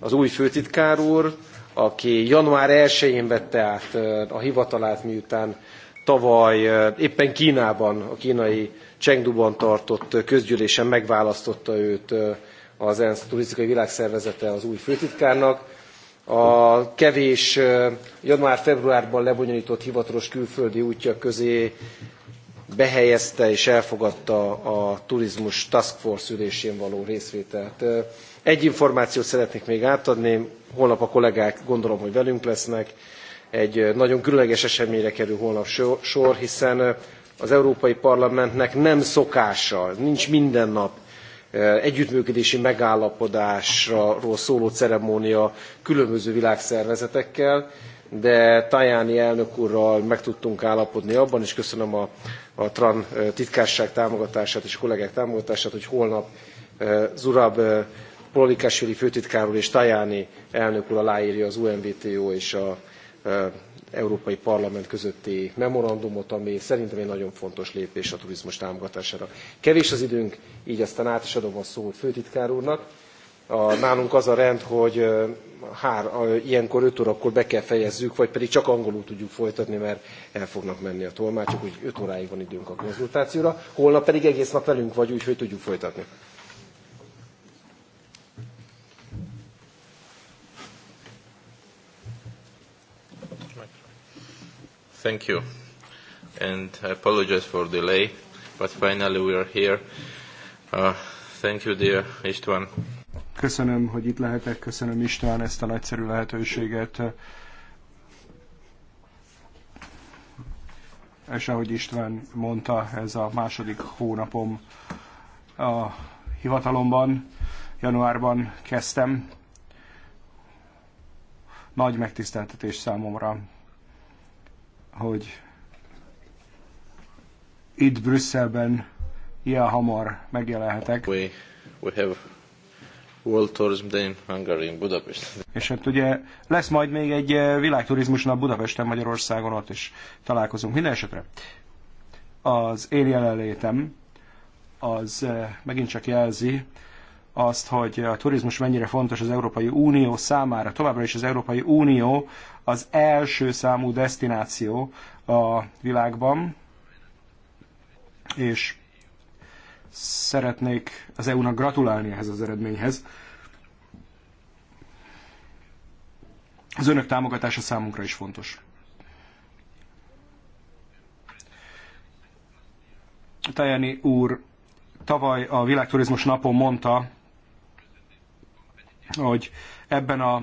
az új főtitkár úr, aki január 1-én vette át a hivatalát, miután tavaly éppen Kínában, a kínai Csengduban tartott közgyűlésen megválasztotta őt az ENSZ turisztikai világszervezete az új főtitkárnak a kevés január-februárban lebonyolított hivatalos külföldi útja közé behelyezte és elfogadta a turizmus task force ülésén való részvételt. Egy információt szeretnék még átadni, holnap a kollégák gondolom, hogy velünk lesznek. Egy nagyon különleges eseményre kerül holnap sor, hiszen az Európai Parlamentnek nem szokása, nincs minden nap Eh, együttműködési megállapodásról szóló ceremónia különböző világszervezetekkel, de Tajani elnök úrral meg tudtunk állapodni abban, és köszönöm a, a TRAN eh, titkárság támogatását és a kollégák támogatását, hogy holnap eh, Zurab Polikásvili főtitkár úr és Tajani elnök úr aláírja az UNVTO és a Európai Parlament közötti memorandumot, ami szerintem egy nagyon fontos lépés a turizmus támogatására. Kevés az időnk, így aztán át is adom a szót főtitkár úrnak. A, nálunk az a rend, hogy hár, a, ilyenkor 5 órakor be kell fejezzük, vagy pedig csak angolul tudjuk folytatni, mert el fognak menni a tolmácsok, úgy 5 óráig van időnk a konzultációra. Holnap pedig egész nap velünk vagy, úgyhogy tudjuk folytatni. Thank you. And I apologize for delay, but finally we are here. Uh, thank you, dear István. Köszönöm, hogy itt lehetek, köszönöm István ezt a nagyszerű lehetőséget. És ahogy István mondta, ez a második hónapom a hivatalomban, januárban kezdtem. Nagy megtiszteltetés számomra, hogy itt Brüsszelben ilyen hamar megjelenhetek. We, we have World Tourism Day in Hungary, in Budapest. És hát ugye lesz majd még egy eh, világturizmus nap Budapesten, Magyarországon, ott is találkozunk. Minden esetre az én jelenlétem az eh, megint csak jelzi, azt, hogy a turizmus mennyire fontos az Európai Unió számára. Továbbra is az Európai Unió az első számú destináció a világban, és szeretnék az EU-nak gratulálni ehhez az eredményhez. Az önök támogatása számunkra is fontos. Tajani úr tavaly a világturizmus napon mondta, hogy ebben a,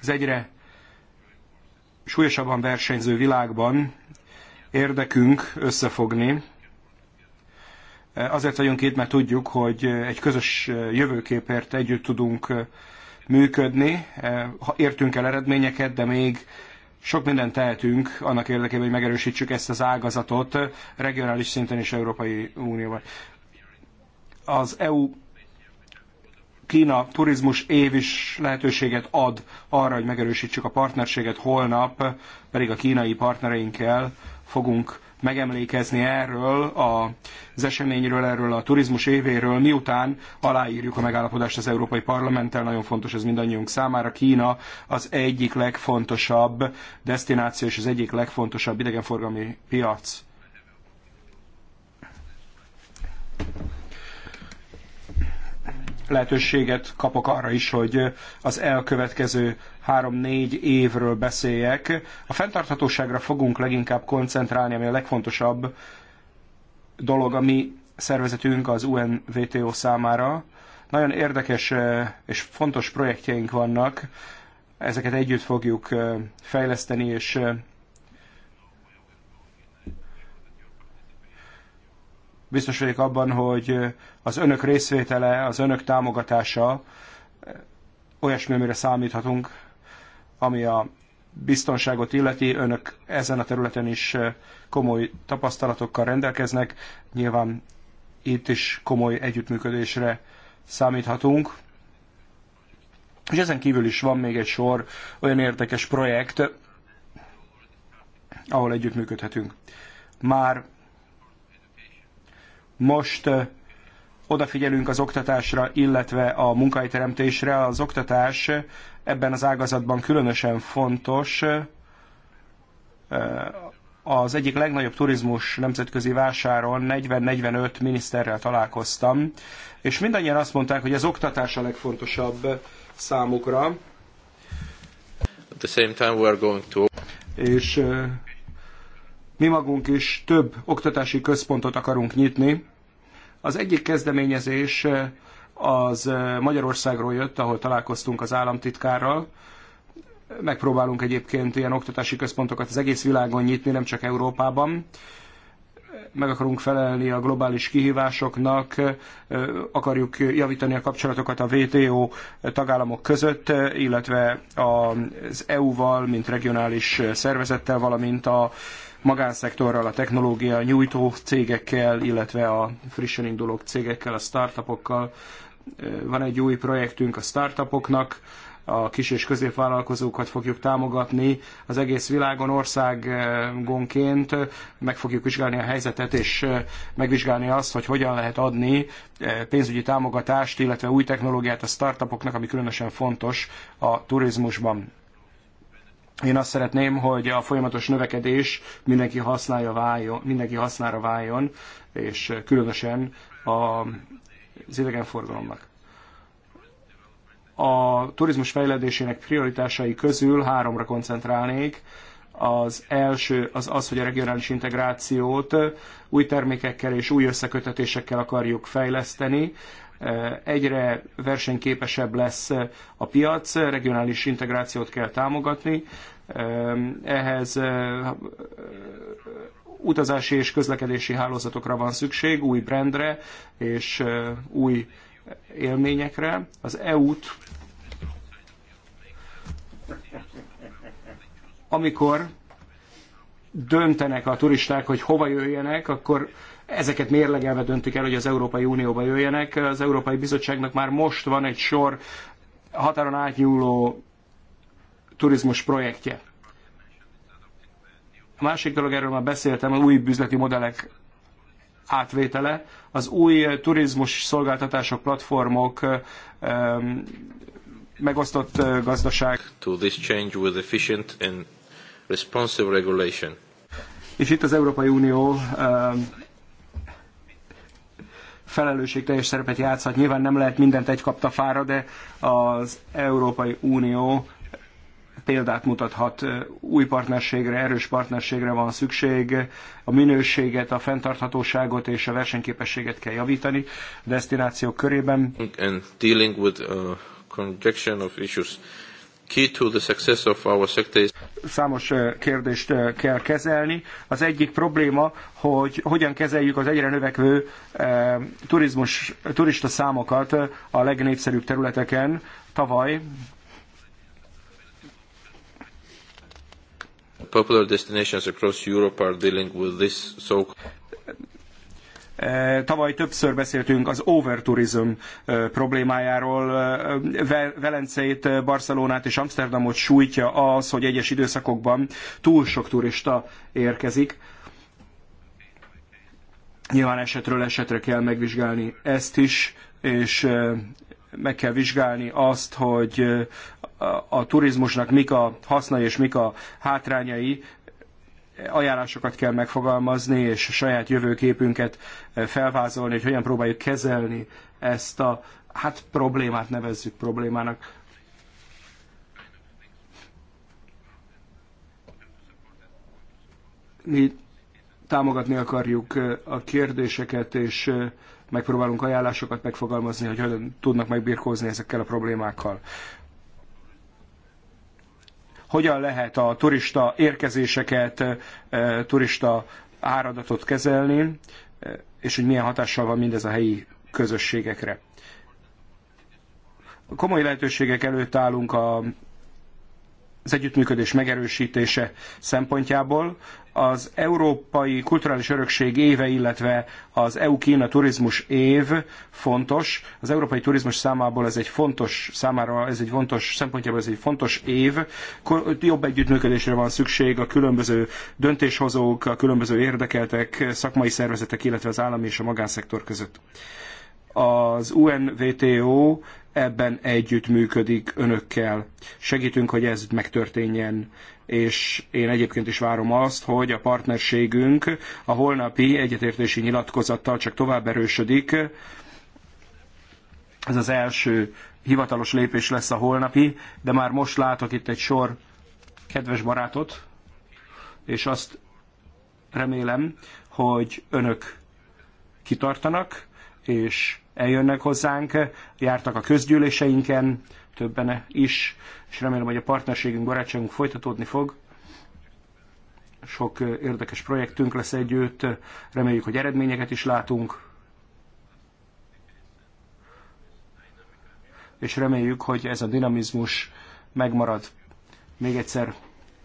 az egyre súlyosabban versenyző világban érdekünk összefogni. Azért vagyunk itt, mert tudjuk, hogy egy közös jövőképért együtt tudunk működni. Értünk el eredményeket, de még sok mindent tehetünk annak érdekében, hogy megerősítsük ezt az ágazatot regionális szinten és Európai Unióban. Az EU Kína turizmus év is lehetőséget ad arra, hogy megerősítsük a partnerséget. Holnap pedig a kínai partnereinkkel fogunk megemlékezni erről az eseményről, erről a turizmus évéről, miután aláírjuk a megállapodást az Európai Parlamenttel, nagyon fontos ez mindannyiunk számára. Kína az egyik legfontosabb destináció és az egyik legfontosabb idegenforgalmi piac lehetőséget kapok arra is, hogy az elkövetkező három-négy évről beszéljek. A fenntarthatóságra fogunk leginkább koncentrálni, ami a legfontosabb dolog, ami szervezetünk az UNVTO számára. Nagyon érdekes eh, és fontos projektjeink vannak, ezeket együtt fogjuk eh, fejleszteni, és eh, biztos vagyok abban, hogy az önök részvétele, az önök támogatása eh, olyasmi, amire számíthatunk, ami a biztonságot illeti. Önök ezen a területen is eh, komoly tapasztalatokkal rendelkeznek. Nyilván itt is komoly együttműködésre számíthatunk. És ezen kívül is van még egy sor olyan érdekes projekt, ahol együttműködhetünk. Már most eh, odafigyelünk az oktatásra, illetve a munkahelyteremtésre. Az oktatás ebben az ágazatban különösen fontos. Az egyik legnagyobb turizmus nemzetközi vásáron 40-45 miniszterrel találkoztam, és mindannyian azt mondták, hogy az oktatás a legfontosabb számukra. At the same time we are going to... És mi magunk is több oktatási központot akarunk nyitni, az egyik kezdeményezés az Magyarországról jött, ahol találkoztunk az államtitkárral. Megpróbálunk egyébként ilyen oktatási központokat az egész világon nyitni, nem csak Európában meg akarunk felelni a globális kihívásoknak, akarjuk javítani a kapcsolatokat a WTO tagállamok között, illetve az EU-val, mint regionális szervezettel, valamint a magánszektorral, a technológia nyújtó cégekkel, illetve a frissen induló cégekkel, a startupokkal. Van egy új projektünk a startupoknak, a kis és középvállalkozókat fogjuk támogatni az egész világon országonként, meg fogjuk vizsgálni a helyzetet, és megvizsgálni azt, hogy hogyan lehet adni pénzügyi támogatást, illetve új technológiát a startupoknak, ami különösen fontos a turizmusban. Én azt szeretném, hogy a folyamatos növekedés mindenki, használja váljon, mindenki hasznára váljon, és különösen a, az idegenforgalomnak. A turizmus fejlődésének prioritásai közül háromra koncentrálnék. Az első az az, hogy a regionális integrációt új termékekkel és új összekötetésekkel akarjuk fejleszteni egyre versenyképesebb lesz a piac, regionális integrációt kell támogatni, ehm, ehhez eh, utazási és közlekedési hálózatokra van szükség, új brandre és eh, új élményekre. Az EU-t amikor döntenek a turisták, hogy hova jöjjenek, akkor ezeket mérlegelve döntik el, hogy az Európai Unióba jöjjenek. Az Európai Bizottságnak már most van egy sor határon átnyúló turizmus projektje. A másik dolog, erről már beszéltem, az új üzleti modellek átvétele, az új turizmus szolgáltatások, platformok, megosztott gazdaság. To this change with efficient and responsive regulation. És itt az Európai Unió felelősségteljes szerepet játszhat. Nyilván nem lehet mindent egy kaptafára, de az Európai Unió példát mutathat. Új partnerségre, erős partnerségre van szükség, a minőséget, a fenntarthatóságot és a versenyképességet kell javítani destinációk körében. And dealing with, uh, conjunction of issues key to the success of our sector is... Számos kérdést kell kezelni. Az egyik probléma, hogy hogyan kezeljük az egyre növekvő turizmus, turista számokat a legnépszerűbb területeken. Tavaly popular destinations across Europe are dealing with this so Eh, tavaly többször beszéltünk az overtourism eh, problémájáról. Eh, Velenceit, Barcelonát és Amsterdamot sújtja az, hogy egyes időszakokban túl sok turista érkezik. Nyilván esetről esetre kell megvizsgálni ezt is, és meg kell vizsgálni azt, hogy a turizmusnak mik a hasznai és mik a hátrányai, ajánlásokat kell megfogalmazni, és a saját jövőképünket eh, felvázolni, hogy hogyan próbáljuk kezelni ezt a hát problémát nevezzük problémának. Mi támogatni akarjuk eh, a kérdéseket, és eh, megpróbálunk ajánlásokat megfogalmazni, hogy hogyan tudnak megbirkózni ezekkel a problémákkal hogyan lehet a turista érkezéseket, turista áradatot kezelni, és hogy milyen hatással van mindez a helyi közösségekre komoly lehetőségek előtt állunk a az együttműködés megerősítése szempontjából. Az Európai Kulturális Örökség éve, illetve az EU-Kína turizmus év fontos. Az európai turizmus számából ez egy fontos, számára ez egy fontos, szempontjából ez egy fontos év. Jobb együttműködésre van szükség a különböző döntéshozók, a különböző érdekeltek, szakmai szervezetek, illetve az állami és a magánszektor között az UNVTO ebben együttműködik önökkel. Segítünk, hogy ez megtörténjen, és én egyébként is várom azt, hogy a partnerségünk a holnapi egyetértési nyilatkozattal csak tovább erősödik. Ez az első hivatalos lépés lesz a holnapi, de már most látok itt egy sor kedves barátot, és azt remélem, hogy önök kitartanak, és eljönnek hozzánk, jártak a közgyűléseinken, többen is, és remélem, hogy a partnerségünk, barátságunk folytatódni fog. Sok érdekes projektünk lesz együtt, reméljük, hogy eredményeket is látunk, és reméljük, hogy ez a dinamizmus megmarad. Még egyszer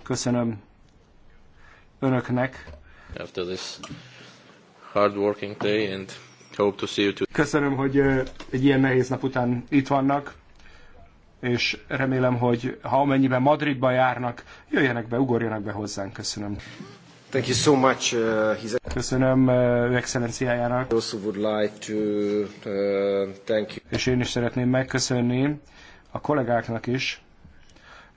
köszönöm önöknek. After this hard working day and Köszönöm, hogy egy ilyen nehéz nap után itt vannak, és remélem, hogy ha amennyiben Madridba járnak, jöjjenek be, ugorjanak be hozzánk. Köszönöm. Thank you so much, uh, his... Köszönöm uh, excellenciájának. also would like to uh, thank you. És én is szeretném megköszönni a kollégáknak is,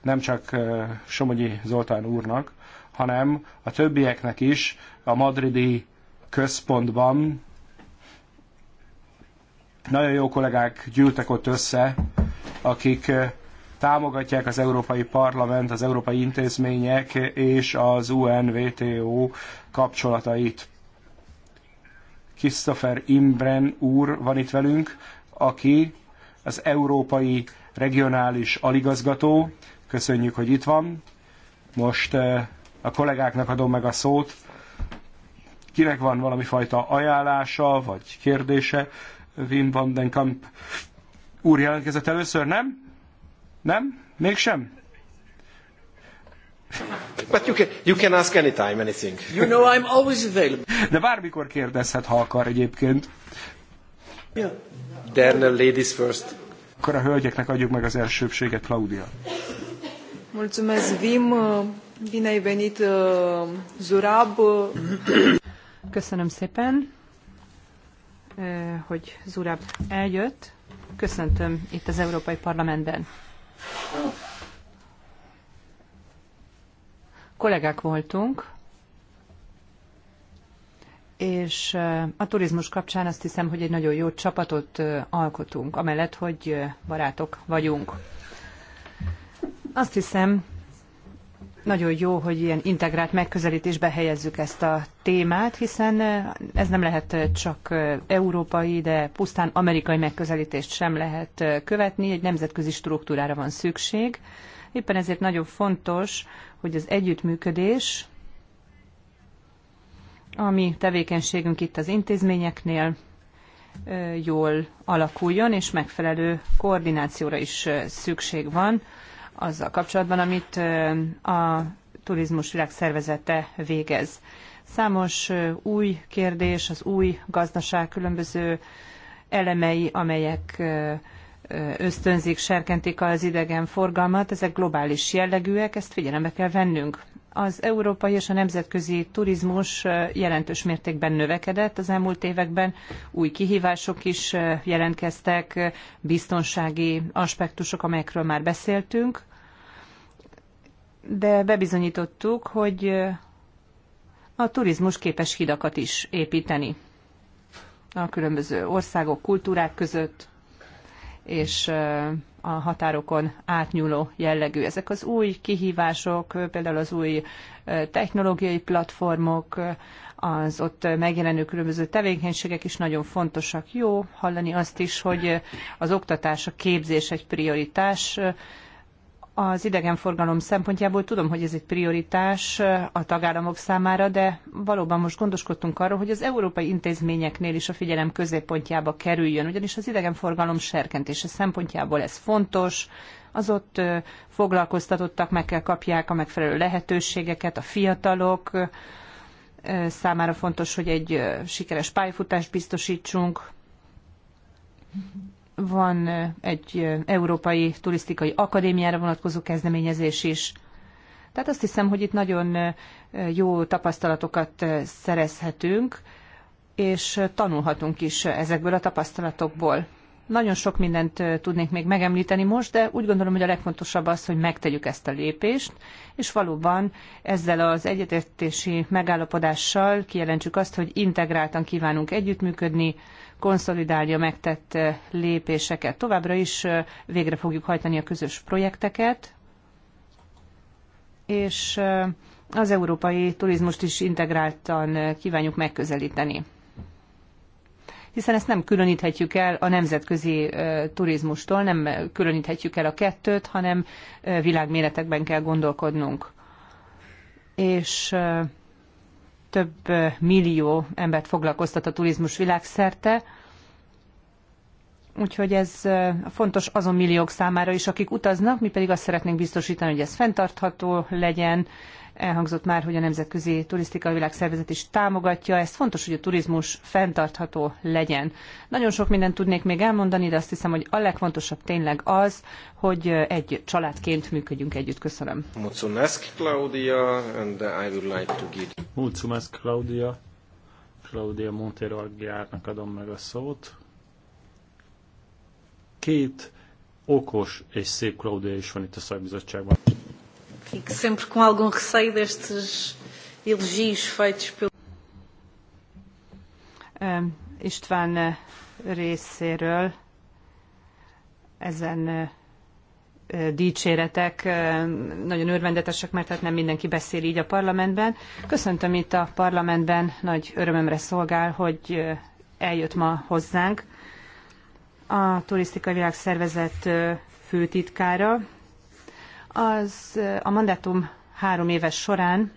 nem csak uh, Somogyi Zoltán úrnak, hanem a többieknek is a madridi központban nagyon jó kollégák gyűltek ott össze, akik eh, támogatják az Európai Parlament, az európai intézmények és az UNVTO kapcsolatait. Christopher Imbren úr van itt velünk, aki az Európai Regionális Aligazgató. Köszönjük, hogy itt van. Most eh, a kollégáknak adom meg a szót. Kinek van valami fajta ajánlása vagy kérdése, Wim van den Kamp úr jelentkezett először, nem? Nem? Mégsem? But you can, you can ask anytime anything. You know I'm always available. De bármikor kérdezhet, ha akar egyébként. Yeah. Then uh, ladies first. Akkor a hölgyeknek adjuk meg az elsőbséget, Claudia. Mulțumesc, Vim. Bine ai venit, uh, Zurab. Köszönöm szépen hogy Zurab eljött. Köszöntöm itt az Európai Parlamentben. Kollégák voltunk, és a turizmus kapcsán azt hiszem, hogy egy nagyon jó csapatot alkotunk, amellett, hogy barátok vagyunk. Azt hiszem, nagyon jó, hogy ilyen integrált megközelítésbe helyezzük ezt a témát, hiszen eh, ez nem lehet eh, csak eh, európai, de pusztán amerikai megközelítést sem lehet követni, egy nemzetközi struktúrára van szükség. Éppen ezért nagyon fontos, hogy az együttműködés, ami tevékenységünk itt az intézményeknél, jól alakuljon, és megfelelő koordinációra is szükség van azzal kapcsolatban, amit a Turizmus Világszervezete végez. Számos új kérdés, az új gazdaság különböző elemei, amelyek ösztönzik, serkentik az idegen forgalmat, ezek globális jellegűek, ezt figyelembe kell vennünk. Az európai és a nemzetközi turizmus jelentős mértékben növekedett az elmúlt években, új kihívások is jelentkeztek, biztonsági aspektusok, amelyekről már beszéltünk, de bebizonyítottuk, hogy eh, a turizmus képes hidakat is építeni a különböző országok, kultúrák között, és eh, a határokon átnyúló jellegű. Ezek az új kihívások, eh, például az új technológiai platformok, az ott megjelenő különböző tevékenységek is nagyon fontosak. Jó hallani azt is, hogy az oktatás, a képzés egy prioritás, az idegenforgalom szempontjából tudom, hogy ez egy prioritás a tagállamok számára, de valóban most gondoskodtunk arról, hogy az európai intézményeknél is a figyelem középpontjába kerüljön, ugyanis az idegenforgalom serkentése szempontjából ez fontos, az ott foglalkoztatottak meg kell kapják a megfelelő lehetőségeket, a fiatalok számára fontos, hogy egy sikeres pályafutást biztosítsunk, van egy Európai Turisztikai Akadémiára vonatkozó kezdeményezés is. Tehát azt hiszem, hogy itt nagyon jó tapasztalatokat szerezhetünk, és tanulhatunk is ezekből a tapasztalatokból. Nagyon sok mindent tudnék még megemlíteni most, de úgy gondolom, hogy a legfontosabb az, hogy megtegyük ezt a lépést, és valóban ezzel az egyetértési megállapodással kijelentsük azt, hogy integráltan kívánunk együttműködni, konszolidálja megtett eh, lépéseket. Továbbra is eh, végre fogjuk hajtani a közös projekteket, és eh, az európai turizmust is integráltan kívánjuk megközelíteni. Hiszen ezt nem különíthetjük el a nemzetközi turizmustól, nem különíthetjük el a kettőt, hanem világméretekben kell gondolkodnunk. És több millió embert foglalkoztat a turizmus világszerte, úgyhogy ez fontos azon milliók számára is, akik utaznak, mi pedig azt szeretnénk biztosítani, hogy ez fenntartható legyen, Elhangzott már, hogy a Nemzetközi Turisztikai Világszervezet is támogatja. Ez fontos, hogy a turizmus fenntartható legyen. Nagyon sok mindent tudnék még elmondani, de azt hiszem, hogy a legfontosabb tényleg az, hogy egy családként működjünk együtt. Köszönöm. Claudia, and I would like to give... Mulțumesc, Claudia. Claudia Montero Aguiárnak adom meg a szót. Két okos és szép Claudia is van itt a szakbizottságban. Fico sempre com algum receio destes elogios feitos pelo. István eh, részéről ezen eh, eh, dicséretek nagyon örvendetesek, mert hát nem mindenki beszél így a parlamentben. Köszöntöm itt a parlamentben, nagy örömömre szolgál, hogy eljött ma hozzánk a Turisztikai Világszervezet főtitkára, az a mandátum három éves során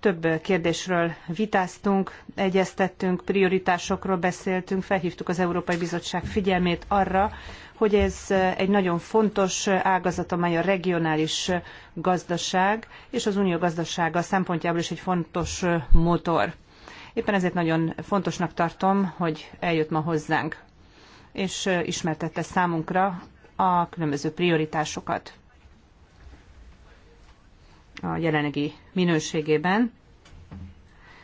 több kérdésről vitáztunk, egyeztettünk, prioritásokról beszéltünk, felhívtuk az Európai Bizottság figyelmét arra, hogy ez egy nagyon fontos ágazat, amely a regionális gazdaság és az unió gazdasága szempontjából is egy fontos motor. Éppen ezért nagyon fontosnak tartom, hogy eljött ma hozzánk, és ismertette számunkra a különböző prioritásokat a jelenlegi minőségében.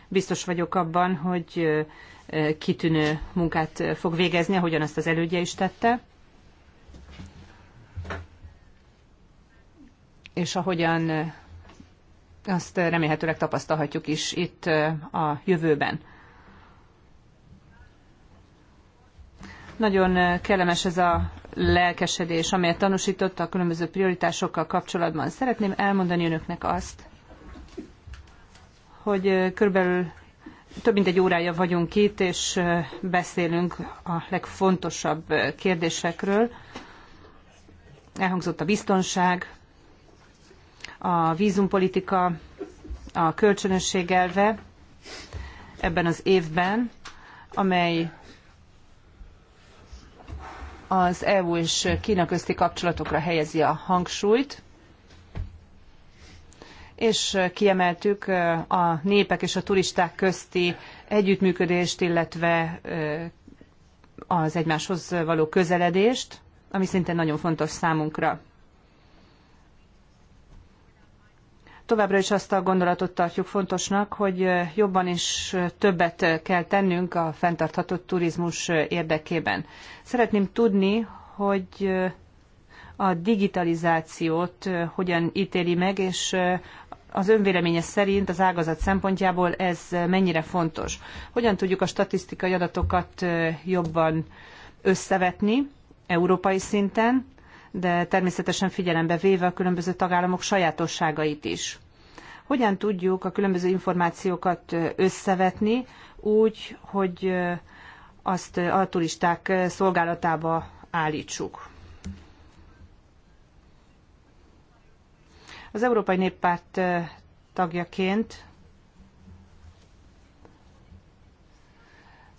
Biztos vagyok abban, hogy kitűnő munkát fog végezni, ahogyan azt az elődje is tette. És ahogyan azt remélhetőleg tapasztalhatjuk is itt a jövőben. Nagyon kellemes ez a lelkesedés, amelyet tanúsította a különböző prioritásokkal kapcsolatban. Szeretném elmondani önöknek azt, hogy körülbelül több mint egy órája vagyunk itt, és beszélünk a legfontosabb kérdésekről. Elhangzott a biztonság, a vízumpolitika, a kölcsönösség elve ebben az évben, amely az EU és Kína közti kapcsolatokra helyezi a hangsúlyt, és kiemeltük a népek és a turisták közti együttműködést, illetve az egymáshoz való közeledést, ami szintén nagyon fontos számunkra. továbbra is azt a gondolatot tartjuk fontosnak, hogy jobban és többet kell tennünk a fenntartható turizmus érdekében. Szeretném tudni, hogy a digitalizációt hogyan ítéli meg, és az önvéleménye szerint az ágazat szempontjából ez mennyire fontos. Hogyan tudjuk a statisztikai adatokat jobban összevetni európai szinten, de természetesen figyelembe véve a különböző tagállamok sajátosságait is. Hogyan tudjuk a különböző információkat összevetni úgy, hogy azt a turisták szolgálatába állítsuk? Az Európai Néppárt tagjaként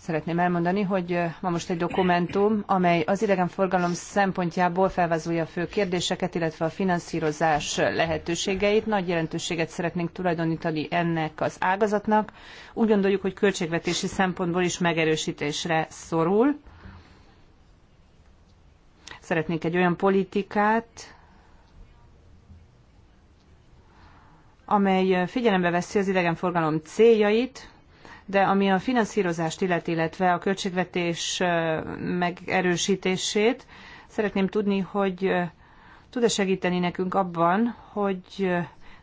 szeretném elmondani, hogy ma most egy dokumentum, amely az idegenforgalom szempontjából felvázolja a fő kérdéseket, illetve a finanszírozás lehetőségeit. Nagy jelentőséget szeretnénk tulajdonítani ennek az ágazatnak. Úgy gondoljuk, hogy költségvetési szempontból is megerősítésre szorul. Szeretnénk egy olyan politikát, amely figyelembe veszi az idegenforgalom céljait, de ami a finanszírozást illet, illetve a költségvetés megerősítését, szeretném tudni, hogy tud-e segíteni nekünk abban, hogy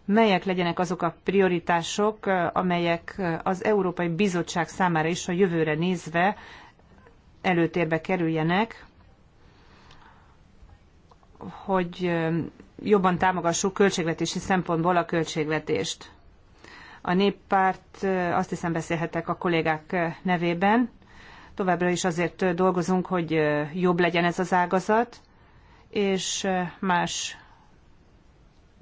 melyek legyenek azok a prioritások, amelyek az Európai Bizottság számára is a jövőre nézve előtérbe kerüljenek, hogy jobban támogassuk költségvetési szempontból a költségvetést. A néppárt azt hiszem beszélhetek a kollégák nevében. Továbbra is azért dolgozunk, hogy jobb legyen ez az ágazat, és más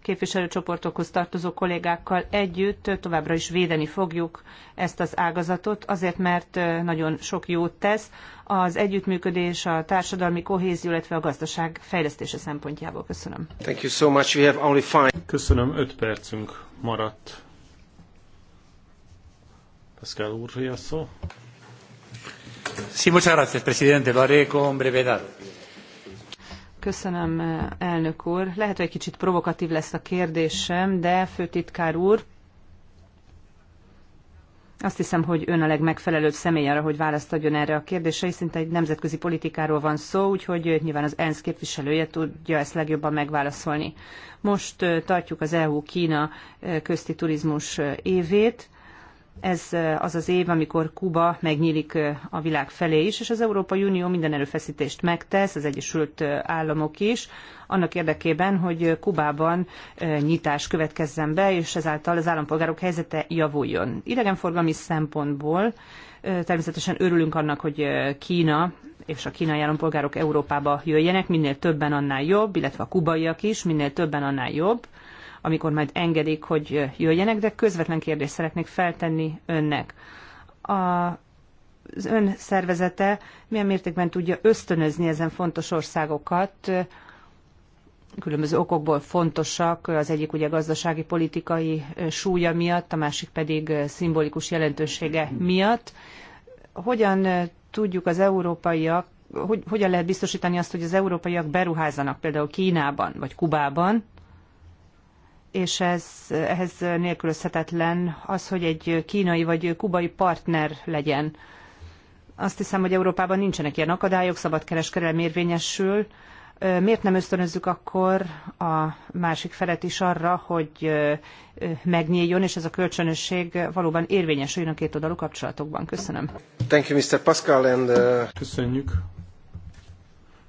képviselőcsoportokhoz tartozó kollégákkal együtt továbbra is védeni fogjuk ezt az ágazatot, azért mert nagyon sok jót tesz az együttműködés, a társadalmi kohézió, illetve a gazdaság fejlesztése szempontjából. Köszönöm. Thank you so much. We have only five. Köszönöm, öt percünk maradt Pascal úr, Sí, muchas gracias, presidente. Lo haré con brevedad. Köszönöm, elnök úr. Lehet, hogy egy kicsit provokatív lesz a kérdésem, de főtitkár úr, azt hiszem, hogy ön a legmegfelelőbb személy arra, hogy választ adjon erre a kérdésre, Hisz szinte egy nemzetközi politikáról van szó, úgyhogy nyilván az ENSZ képviselője tudja ezt legjobban megválaszolni. Most tartjuk az EU-Kína közti turizmus évét. Ez az az év, amikor Kuba megnyílik a világ felé is, és az Európai Unió minden erőfeszítést megtesz, az Egyesült Államok is, annak érdekében, hogy Kubában nyitás következzen be, és ezáltal az állampolgárok helyzete javuljon. Idegenforgalmi szempontból természetesen örülünk annak, hogy Kína és a kínai állampolgárok Európába jöjjenek, minél többen annál jobb, illetve a kubaiak is, minél többen annál jobb amikor majd engedik, hogy jöjjenek, de közvetlen kérdést szeretnék feltenni önnek. A, az ön szervezete milyen mértékben tudja ösztönözni ezen fontos országokat, különböző okokból fontosak, az egyik ugye gazdasági, politikai súlya miatt, a másik pedig szimbolikus jelentősége miatt. Hogyan tudjuk az európaiak, hogy, hogyan lehet biztosítani azt, hogy az európaiak beruházanak például Kínában vagy Kubában, és ez, ehhez nélkülözhetetlen az, hogy egy kínai vagy kubai partner legyen. Azt hiszem, hogy Európában nincsenek ilyen akadályok, szabad kereskedelem érvényesül. Miért nem ösztönözzük akkor a másik felet is arra, hogy megnyíljon, és ez a kölcsönösség valóban érvényesüljön a két oldalú kapcsolatokban? Köszönöm. Thank you, Mr. Pascal, and, uh... Köszönjük.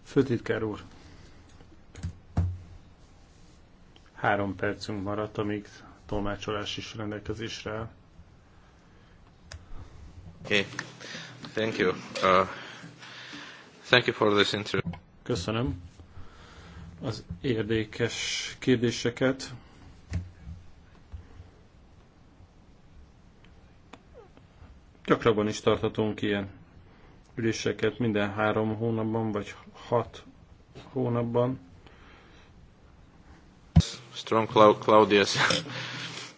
Főtitkár úr. Három percünk maradt, amíg tolmácsolás is rendelkezésre áll. Okay. Thank you. Uh, thank you for this interview. Köszönöm az érdekes kérdéseket. Gyakrabban is tartatunk ilyen üléseket minden három hónapban, vagy hat hónapban strong Claudia's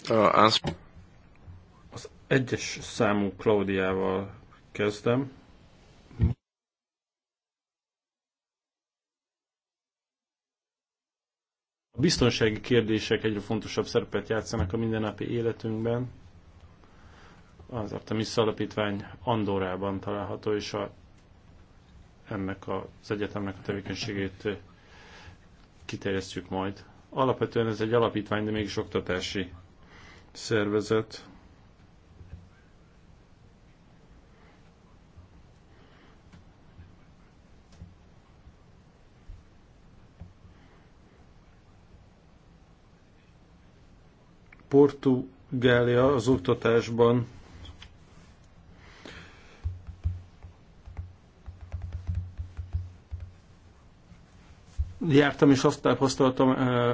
uh, Az egyes számú Claudiával kezdem. A biztonsági kérdések egyre fontosabb szerepet játszanak a mindennapi életünkben. Az Artemis Alapítvány Andorában található, és a, ennek az egyetemnek a tevékenységét kiterjesztjük majd. Alapvetően ez egy alapítvány, de mégis oktatási szervezet. Portugália az oktatásban jártam, és azt tapasztaltam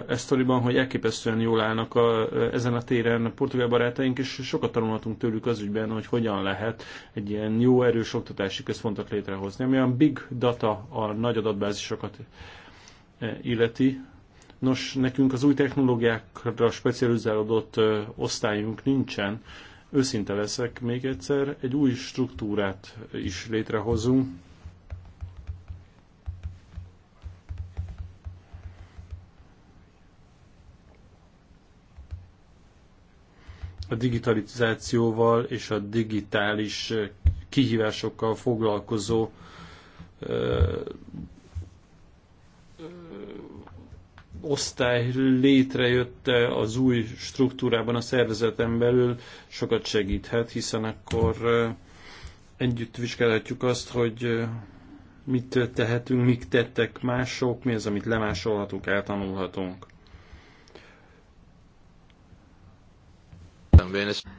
Esztoriban, hogy elképesztően jól állnak a, ezen a téren a portugál barátaink, és sokat tanulhatunk tőlük az ügyben, hogy hogyan lehet egy ilyen jó, erős oktatási központot létrehozni, ami a big data, a nagy adatbázisokat illeti. Nos, nekünk az új technológiákra specializálódott osztályunk nincsen. Őszinte leszek még egyszer, egy új struktúrát is létrehozunk, a digitalizációval és a digitális eh, kihívásokkal foglalkozó eh, osztály létrejött eh, az új struktúrában a szervezeten belül sokat segíthet, hiszen akkor együtt vizsgálhatjuk azt, hogy mit tehetünk, mit tettek mások, mi az, amit lemásolhatunk, eltanulhatunk.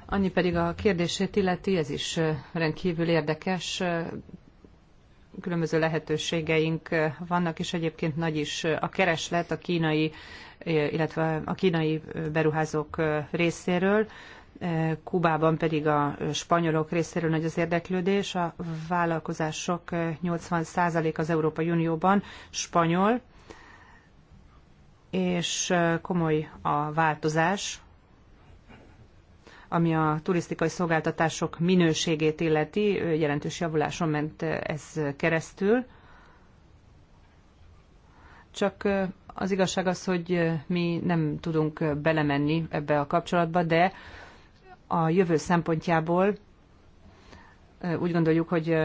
Annyi pedig a kérdését illeti, ez is rendkívül érdekes. Különböző lehetőségeink vannak, és egyébként nagy is a kereslet a kínai, illetve a kínai beruházók részéről. Kubában pedig a spanyolok részéről nagy az érdeklődés. A vállalkozások 80% az Európai Unióban spanyol, és komoly a változás ami a turisztikai szolgáltatások minőségét illeti, jelentős javuláson ment ez keresztül. Csak az igazság az, hogy mi nem tudunk belemenni ebbe a kapcsolatba, de a jövő szempontjából úgy gondoljuk, hogy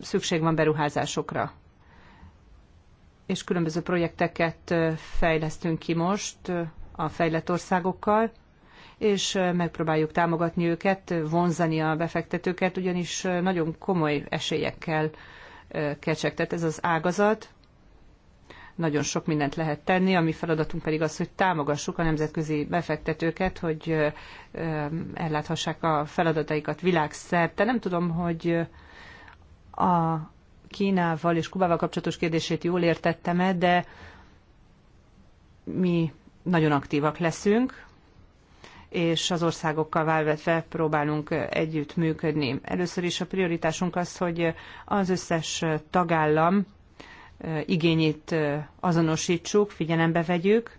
szükség van beruházásokra. És különböző projekteket fejlesztünk ki most a fejlett országokkal, és megpróbáljuk támogatni őket, vonzani a befektetőket, ugyanis nagyon komoly esélyekkel kecsegtet ez az ágazat. Nagyon sok mindent lehet tenni, a mi feladatunk pedig az, hogy támogassuk a nemzetközi befektetőket, hogy elláthassák a feladataikat világszerte. Nem tudom, hogy a Kínával és Kubával kapcsolatos kérdését jól értettem-e, de mi nagyon aktívak leszünk, és az országokkal válvetve próbálunk együtt működni. Először is a prioritásunk az, hogy az összes tagállam igényét azonosítsuk, figyelembe vegyük,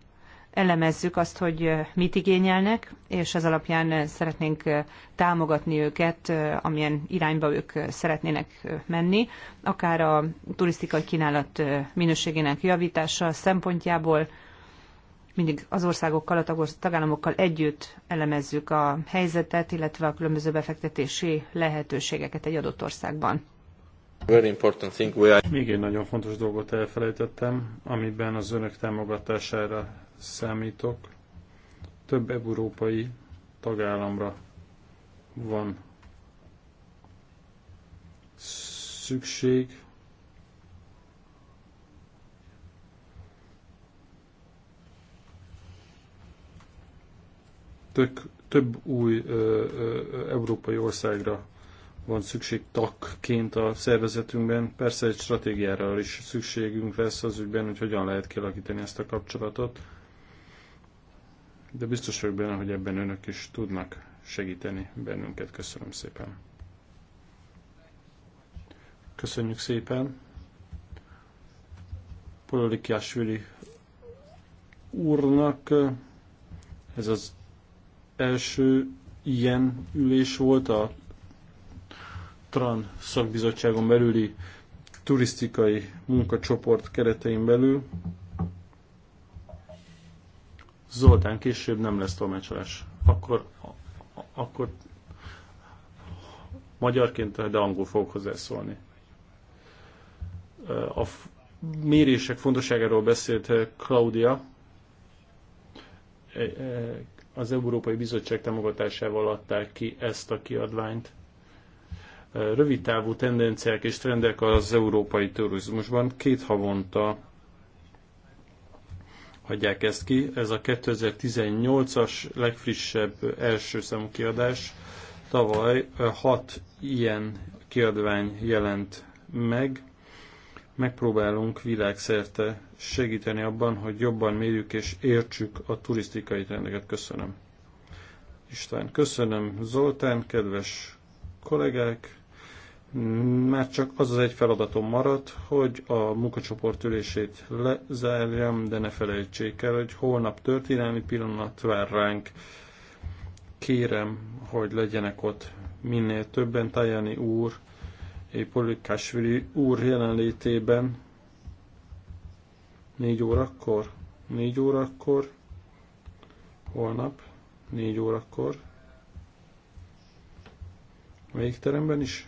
elemezzük azt, hogy mit igényelnek, és ez alapján szeretnénk támogatni őket, amilyen irányba ők szeretnének menni, akár a turisztikai kínálat minőségének javítása szempontjából, mindig az országokkal, a tagállamokkal együtt elemezzük a helyzetet, illetve a különböző befektetési lehetőségeket egy adott országban. Very important thing we are... Még egy nagyon fontos dolgot elfelejtettem, amiben az önök támogatására számítok. Több európai tagállamra van szükség, tök, több új ö, ö, európai országra van szükség takként a szervezetünkben. Persze egy stratégiára is szükségünk lesz az ügyben, hogy hogyan lehet kialakítani ezt a kapcsolatot. De biztos vagyok benne, hogy ebben önök is tudnak segíteni bennünket. Köszönöm szépen. Köszönjük szépen. Pololik Jásvili úrnak ez az első ilyen ülés volt a TRAN szakbizottságon belüli turisztikai munkacsoport keretein belül. Zoltán később nem lesz tolmácsolás. Akkor, akkor magyarként, de angol fogok hozzászólni. A mérések fontosságáról beszélt Claudia. E- e- az Európai Bizottság támogatásával adták ki ezt a kiadványt. Rövidtávú tendenciák és trendek az európai turizmusban két havonta hagyják ezt ki. Ez a 2018-as legfrissebb első számú kiadás. Tavaly hat ilyen kiadvány jelent meg megpróbálunk világszerte segíteni abban, hogy jobban mérjük és értsük a turisztikai trendeket. Köszönöm. István, köszönöm. Zoltán, kedves kollégák, már csak az az egy feladatom maradt, hogy a munkacsoport ülését lezárjam, de ne felejtsék el, hogy holnap történelmi pillanat vár ránk. Kérem, hogy legyenek ott minél többen, Tajani úr, Polikásvili úr jelenlétében 4 órakor, 4 órakor, holnap 4 órakor, melyik teremben is?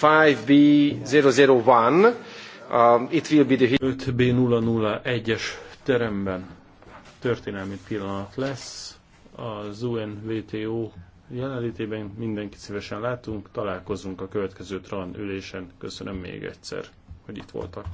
5B001. uh, it will be the... 5B001-es teremben történelmi pillanat lesz az UNVTO jelenlétében mindenki szívesen látunk, találkozunk a következő TRAN ülésen. Köszönöm még egyszer, hogy itt voltak.